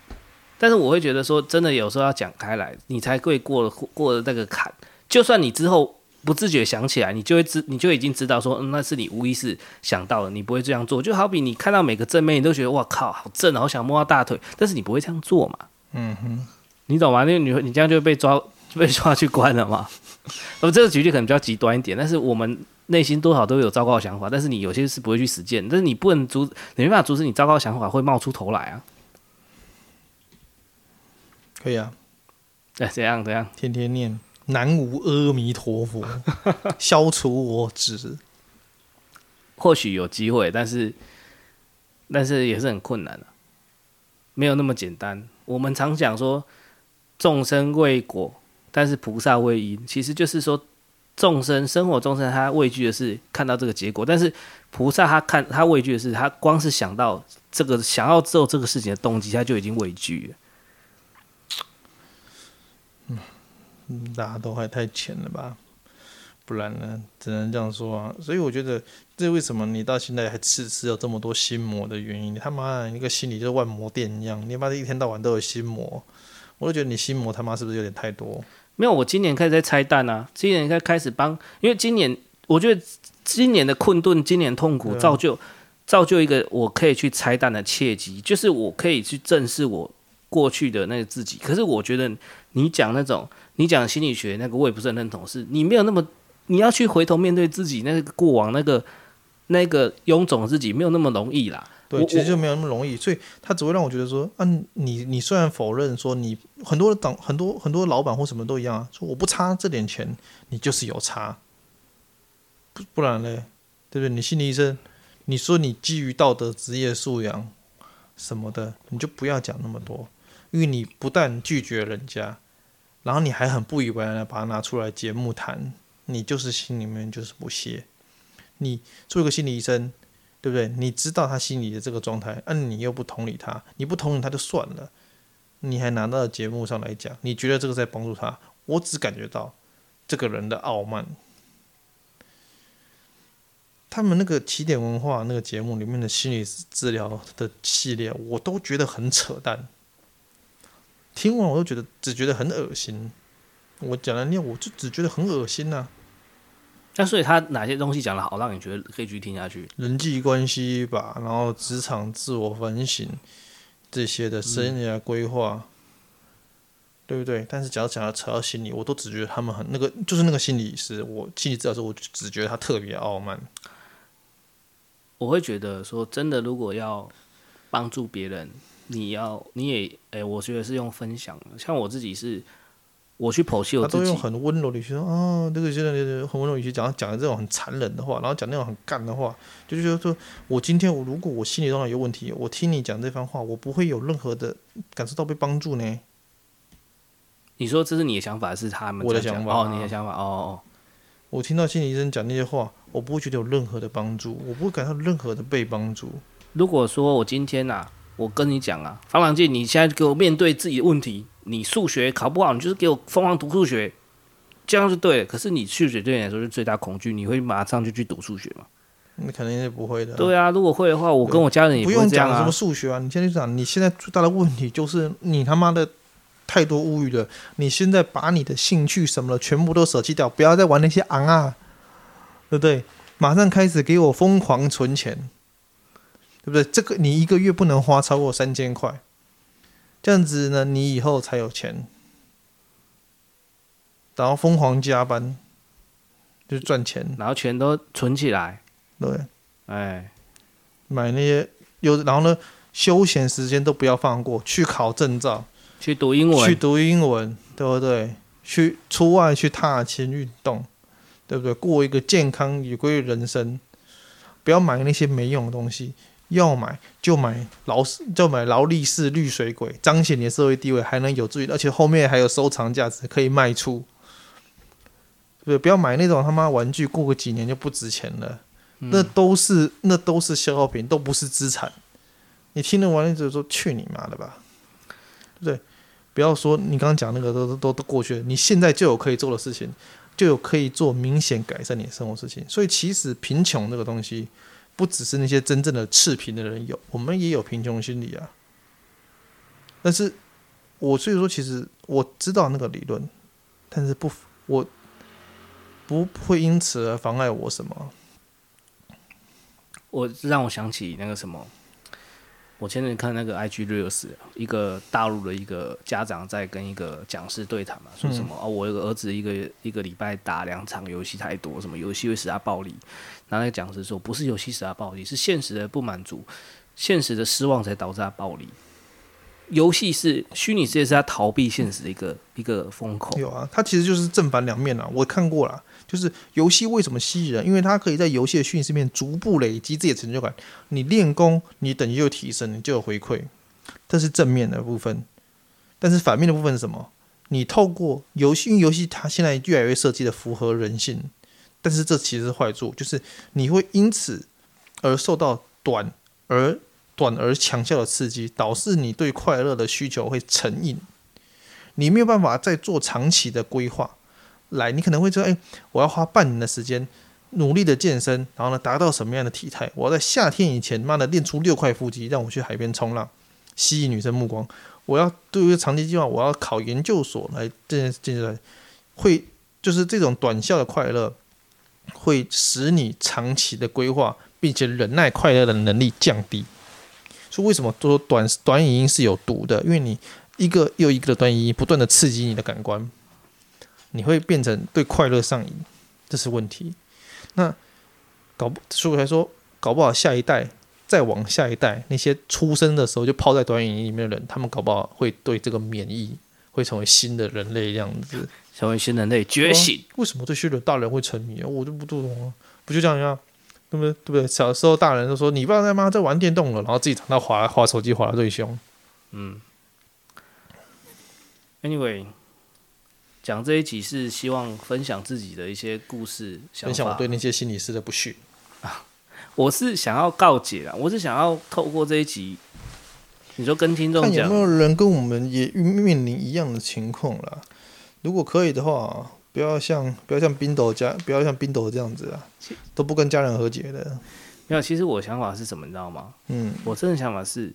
但是我會覺得說，真的有時候要講開來，你才會過了過了那個坎。就算你之後不自覺想起來，你就會知你就已經知道說，嗯，那是你無意識想到的。你不會這樣做。就好比你看到每個正面，你都覺得哇靠，好正，好想摸他大腿，但是你不會這樣做嘛。嗯哼，你懂嗎？那個女，你這樣就會被抓。被抓去關了嘛？那 (laughs) 麼這個舉例可能比較極端一點，但是我們內心多少都有糟糕的想法，但是你有些是不會去實踐，但是你不能阻止，你沒辦法阻止你糟糕的想法會冒出頭來啊。可以啊。哎，怎樣怎樣？天天念南無阿彌陀佛， (laughs) 消除我執。或許有機會，但是但是也是很困難的啊，沒有那麼簡單。我們常講說眾生畏果。但是菩薩畏因，其實就是說眾生生活眾生，他畏懼的是看到這個結果。但是菩薩他看，他畏懼的是他光是想到這個想要做這個事情的動機，他就已經畏懼了。嗯，大家都還太淺了吧？不然呢，只能這樣說啊。所以我覺得這為什麼你到現在還遲遲有這麼多心魔的原因，你他媽一個心裡就是萬魔殿一樣，你媽的一天到晚都有心魔。我都覺得你心魔他媽是不是有點太多？沒有，我今年開始在拆彈啊！今年應該開始幫，因為今年我覺得今年的困頓、今年痛苦，造就、嗯、造就一個我可以去拆彈的契機，就是我可以去正視我過去的那個自己。可是我覺得你講那種，你講心理學那個，我也不是很認同，是你沒有那麼，你要去回頭面對自己那個過往那個那個臃腫自己，沒有那麼容易啦。對，其實就沒有那麼容易，所以他只會讓我覺得說，啊，你你雖然否認說你很多的黨很多很多老板或什麼都一樣啊，說我不差這點錢，你就是有差，不不然嘞，對不對？你心理醫生，你說你基於道德職業素養什麼的，你就不要講那麼多，因為你不但拒絕人家，然後你還很不以為然的把它拿出來節目談，你就是心裡面就是不屑，你做一個心理醫生。對不對？你知道他心裡的這個狀態，而、啊、你又不同理他，你不同理他就算了，你還拿到節目上來講，你覺得這個在幫助他？我只感覺到這個人的傲慢。他們那個起點文化那個節目裡面的心理治療的系列，我都覺得很扯淡。聽完我都覺得只覺得很噁心。我講了那，我就只覺得很噁心吶、啊。那所以他哪些東西講得好，讓你覺得可以繼續聽下去？人際關係吧，然後職場自我反省這些的生涯規劃、嗯，對不對？但是假如講要扯到心理，我都只覺得他們很那個，就是那個心理是我心理治療是我只覺得他特別傲慢。我會覺得說，真的，如果要幫助別人，你要你也誒、欸，我覺得是用分享，像我自己是。我去剖析我自己。他都用很溫柔、啊、很溫柔的語氣，說啊，那個現在很溫柔語氣講講的這種很殘忍的話，然後講那種很乾的話，就覺得說，我今天我如果我心理當然有問題，我聽你講這番話，我不會有任何的感受到被幫助呢。你說這是你的想法，是他們我的想法哦？你的想法哦哦。我聽到心理醫生講那些話，我不會覺得有任何的幫助，我不會感受到任何的被幫助。如果說我今天啊。我跟你講啊，方朗介，你現在給我面對自己的問題。你數學考不好，你就是給我瘋狂讀數學，這樣是對的。可是你數學對你來說，是最大恐懼，你會馬上就去讀數學嗎？那肯定是不會的。對啊，如果會的話，我跟我家人也不用講、啊、什麼數學啊？你先去講，你現在最大的問題就是你他媽的太多物欲了。你現在把你的興趣什麼的全部都舍棄掉，不要再玩那些昂啊，啊，對不對？馬上開始給我瘋狂存錢。對不對？這個你一個月不能花超過三千塊，這樣子呢，你以後才有錢。然後瘋狂加班，就是賺錢，然後全都存起來。對，哎，買那些有，然後呢，休閒時間都不要放過，去考證照，去讀英文，去讀英文，對不對？去出外去踏青運動，對不對？過一個健康有規律人生，不要買那些沒用的東西。要買就買勞斯，就買勞力士綠水鬼，彰顯你的社會地位，還能有助於，而且後面還有收藏價值，可以賣出。對不對？不要買那種他媽玩具，過個幾年就不值錢了。嗯、那都是那都是消耗品，都不是資產。你聽玩完就是說去你媽的吧，對不對？不要說你剛剛講那個都都都過去了，你現在就有可以做的事情，就有可以做明顯改善你的生活事情。所以其實貧窮這個東西。不只是那些真正的赤貧的人有，我們也有貧窮心理啊。但是，我所以說，其實我知道那個理論，但是不，我不會因此而妨礙我什麼。我讓我想起那個什麼。我前年看那個 IG Reels 一個大陸的一個家長在跟一個講師對談嘛、嗯，說什麼啊、哦，我有個兒子一個一個禮拜打兩場遊戲太多，什麼遊戲會使他暴力？然後那個講師說，不是遊戲使他暴力，是現實的不滿足，現實的失望才導致他暴力。遊戲是虛擬世界，是他逃避現實的一個、嗯、一個風口。有啊，它其實就是正反兩面啦、啊，我看過了。就是遊戲為什麼吸引人？因為它可以在遊戲的訊息面逐步累積自己的成就感。你練功，你等級就提升，你就有回饋，這是正面的部分。但是反面的部分是什麼？你透過遊戲，因為遊戲它現在越來越設計的符合人性，但是這其實是壞處，就是你會因此而受到短而短而強效的刺激，導致你對快樂的需求會成癮，你沒有辦法再做長期的規劃。來，你可能會說，哎、欸，我要花半年的時間努力的健身，然後呢，達到什麼樣的體態？我要在夏天以前，媽的練出六塊腹肌，讓我去海邊衝浪，吸引女生目光。我要對於、這個、長期計劃，我要考研究所來，這些這些會就是這種短效的快樂，會使你長期的規劃並且忍耐快樂的能力降低。所以為什麼說短、短影音是有毒的？因為你一個又一個的短影音不斷的刺激你的感官。你會變成對快樂上癮，這是問題。那搞不，說起來說，搞不好下一代再往下一代，那些出生的時候就泡在短影音裡面的人，他們搞不好會對這個免疫，會成為新的人類這樣子，成為新人類覺醒。為什麼虛的大人會沉迷啊？我就不不懂啊，不就這樣一樣？對不對？對不對？小時候大人都說你爸在媽在玩電動了，然後自己長大划划手機划的最凶。嗯。Anyway。講這一集是希望分享自己的一些故事，啊，分享我對那些心理師的不遜啊！我是想要告解啊，我是想要透過這一集，你就跟聽眾講，有沒有人跟我們也面臨一樣的情況啦。如果可以的話，不要像不要像冰斗家，不要像冰斗這樣子啊，都不跟家人和解的，嗯。沒有，其實我想法是什麼，你知道嗎？嗯，我真的想法是，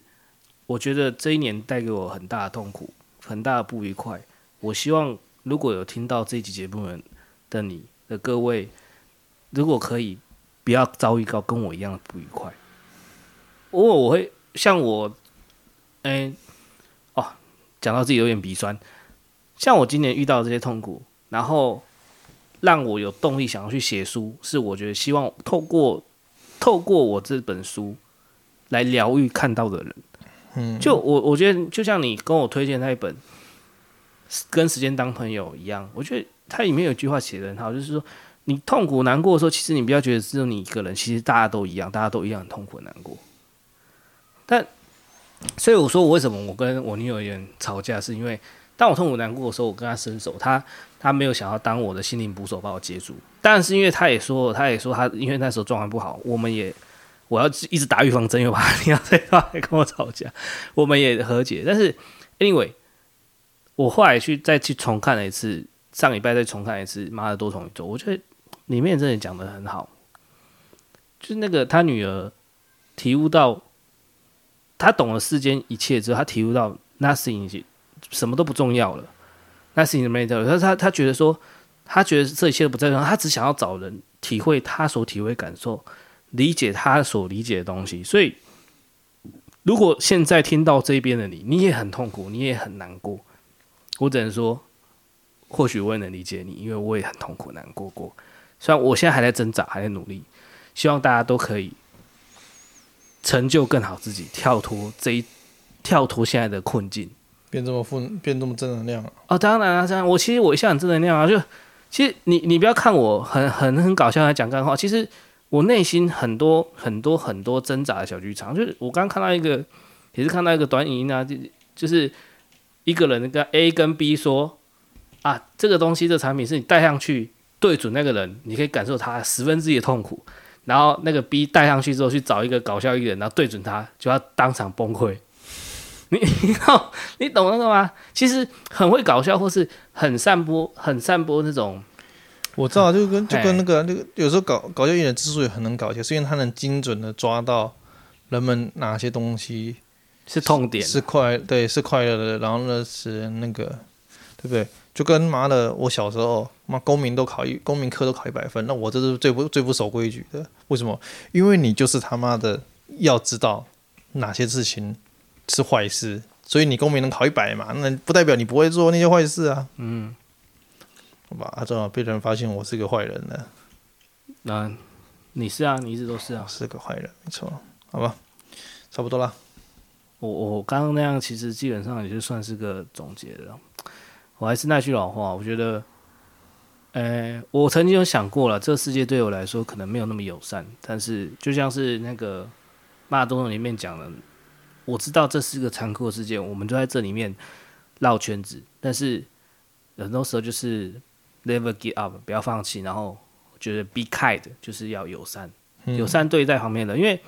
我覺得這一年帶給我很大的痛苦，很大的不愉快。我希望。如果有聽到這集節目的你，的各位，如果可以，不要遭遇到跟我一樣的不愉快。如果我會像我，哎、欸，哦，講到自己有點鼻酸。像我今年遇到的這些痛苦，然後讓我有動力想要去寫書，是我覺得希望透過透過我這本書來療癒看到的人。嗯、就我我覺得，就像你跟我推薦那一本。跟時間當朋友一樣，我覺得它裡面有句話寫得很好，就是說，你痛苦難過的時候，其實你不要覺得只有你一個人，其實大家都一樣，大家都一樣很痛苦難過。但，所以我說我為什麼我跟我女友吵架，是因為當我痛苦難過的時候，我跟她伸手，她她沒有想要當我的心靈捕手把我接住。但是因為她也說，她也說她因為那時候狀況不好，我們也我要一直打預防針，又怕你要再過來跟我吵架，我們也和解。但是，anyway。我後來去再去重看了一次，上禮拜再重看一次，媽的多重宇宙，我覺得裡面真的講得很好。就是那個他女兒體悟到，他懂了世間一切之後，他體悟到 nothing 已經什麼都不重要了，nothing 沒有要。但是他他覺得說，他覺得這一切都不重要，他只想要找人體會他所體會感受，理解他所理解的東西。所以，如果現在聽到這邊的你，你也很痛苦，你也很難過。我只能說，或許我也能理解你，因為我也很痛苦、難過過。雖然我現在還在掙扎，還在努力，希望大家都可以成就更好自己，跳脫這一跳脫現在的困境，變這麼負，變這麼正能量啊。哦，當然啊，這樣、啊、我其實我一向很正能量啊。就其實你你不要看我很很很搞笑來講幹話，其實我內心很多很多很多掙扎的小劇場。就是我剛剛看到一個，也是看到一個短影音啊，就就是。一個人那個 A 跟 B 說：“啊，這個東西，這個、產品是你戴上去，對準那個人，你可以感受他十分之一的痛苦。然後那個 B 戴上去之後，去找一個搞笑藝人，然後對準他，就要當場崩潰。你，你懂？你懂那個嗎？其實很會搞笑，或是很散播，很散播那種。我知道，就跟就跟那個那個，有時候搞搞笑藝人，技術也很能搞笑，是因為他能精準的抓到人們哪些東西。”是痛點、啊是，是快對，是快樂的，然後呢是那個，對不對？就跟媽的，我小時候媽公民都考一，公民科都考一百分，那我這是最不最不守規矩的，為什麼？因為你就是他媽的要知道哪些事情是壞事，所以你公民能考一百嘛，那不代表你不會做那些壞事啊。嗯，好吧，啊，正好被人發現我是個壞人呢。那、呃、你是啊，你一直都是啊，是個壞人，沒錯，好吧，差不多啦。我我剛剛那樣，其實基本上也就算是個總結了。我還是那句老話，我覺得，呃、欸，我曾經有想過了，這個世界對我來說可能沒有那麼友善。但是，就像是那個《馬東東》裡面講的，我知道這是個殘酷的世界，我們都在這裡面繞圈子。但是，很多時候就是 never give up，不要放棄，然後覺得 be kind，就是要友善，友、嗯、善對待旁邊的。因為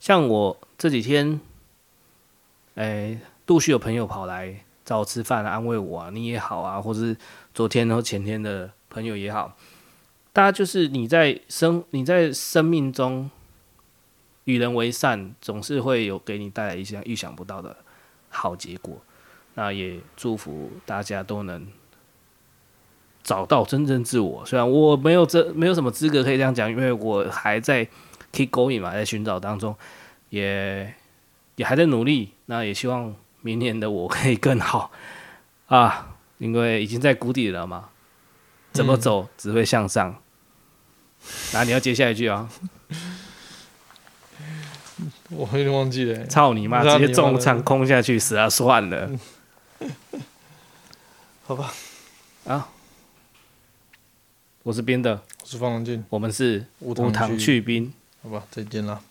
像我這幾天。誒，陸續有朋友跑來找我吃飯、啊，安慰我、啊。你也好啊，或者是昨天和前天的朋友也好，大家就是你在生你在生命中與人為善，總是會有給你帶來一些意想不到的好結果。那也祝福大家都能找到真正自我。雖然我沒有這沒有什麼資格可以這樣講，因為我還在 keep going 嘛，在尋找當中，也。也還在努力，那也希望明年的我可以更好啊！因為已經在谷底了嘛，怎麼走只會向上。那、嗯啊、你要接下一句啊？ (laughs) (laughs) 我有點忘記了、欸，操你媽！直接中場空下去，死了、啊、算了。 (laughs) 好吧，啊，我是冰的，我是方文靜，我們是無糖去冰。好吧，再見了。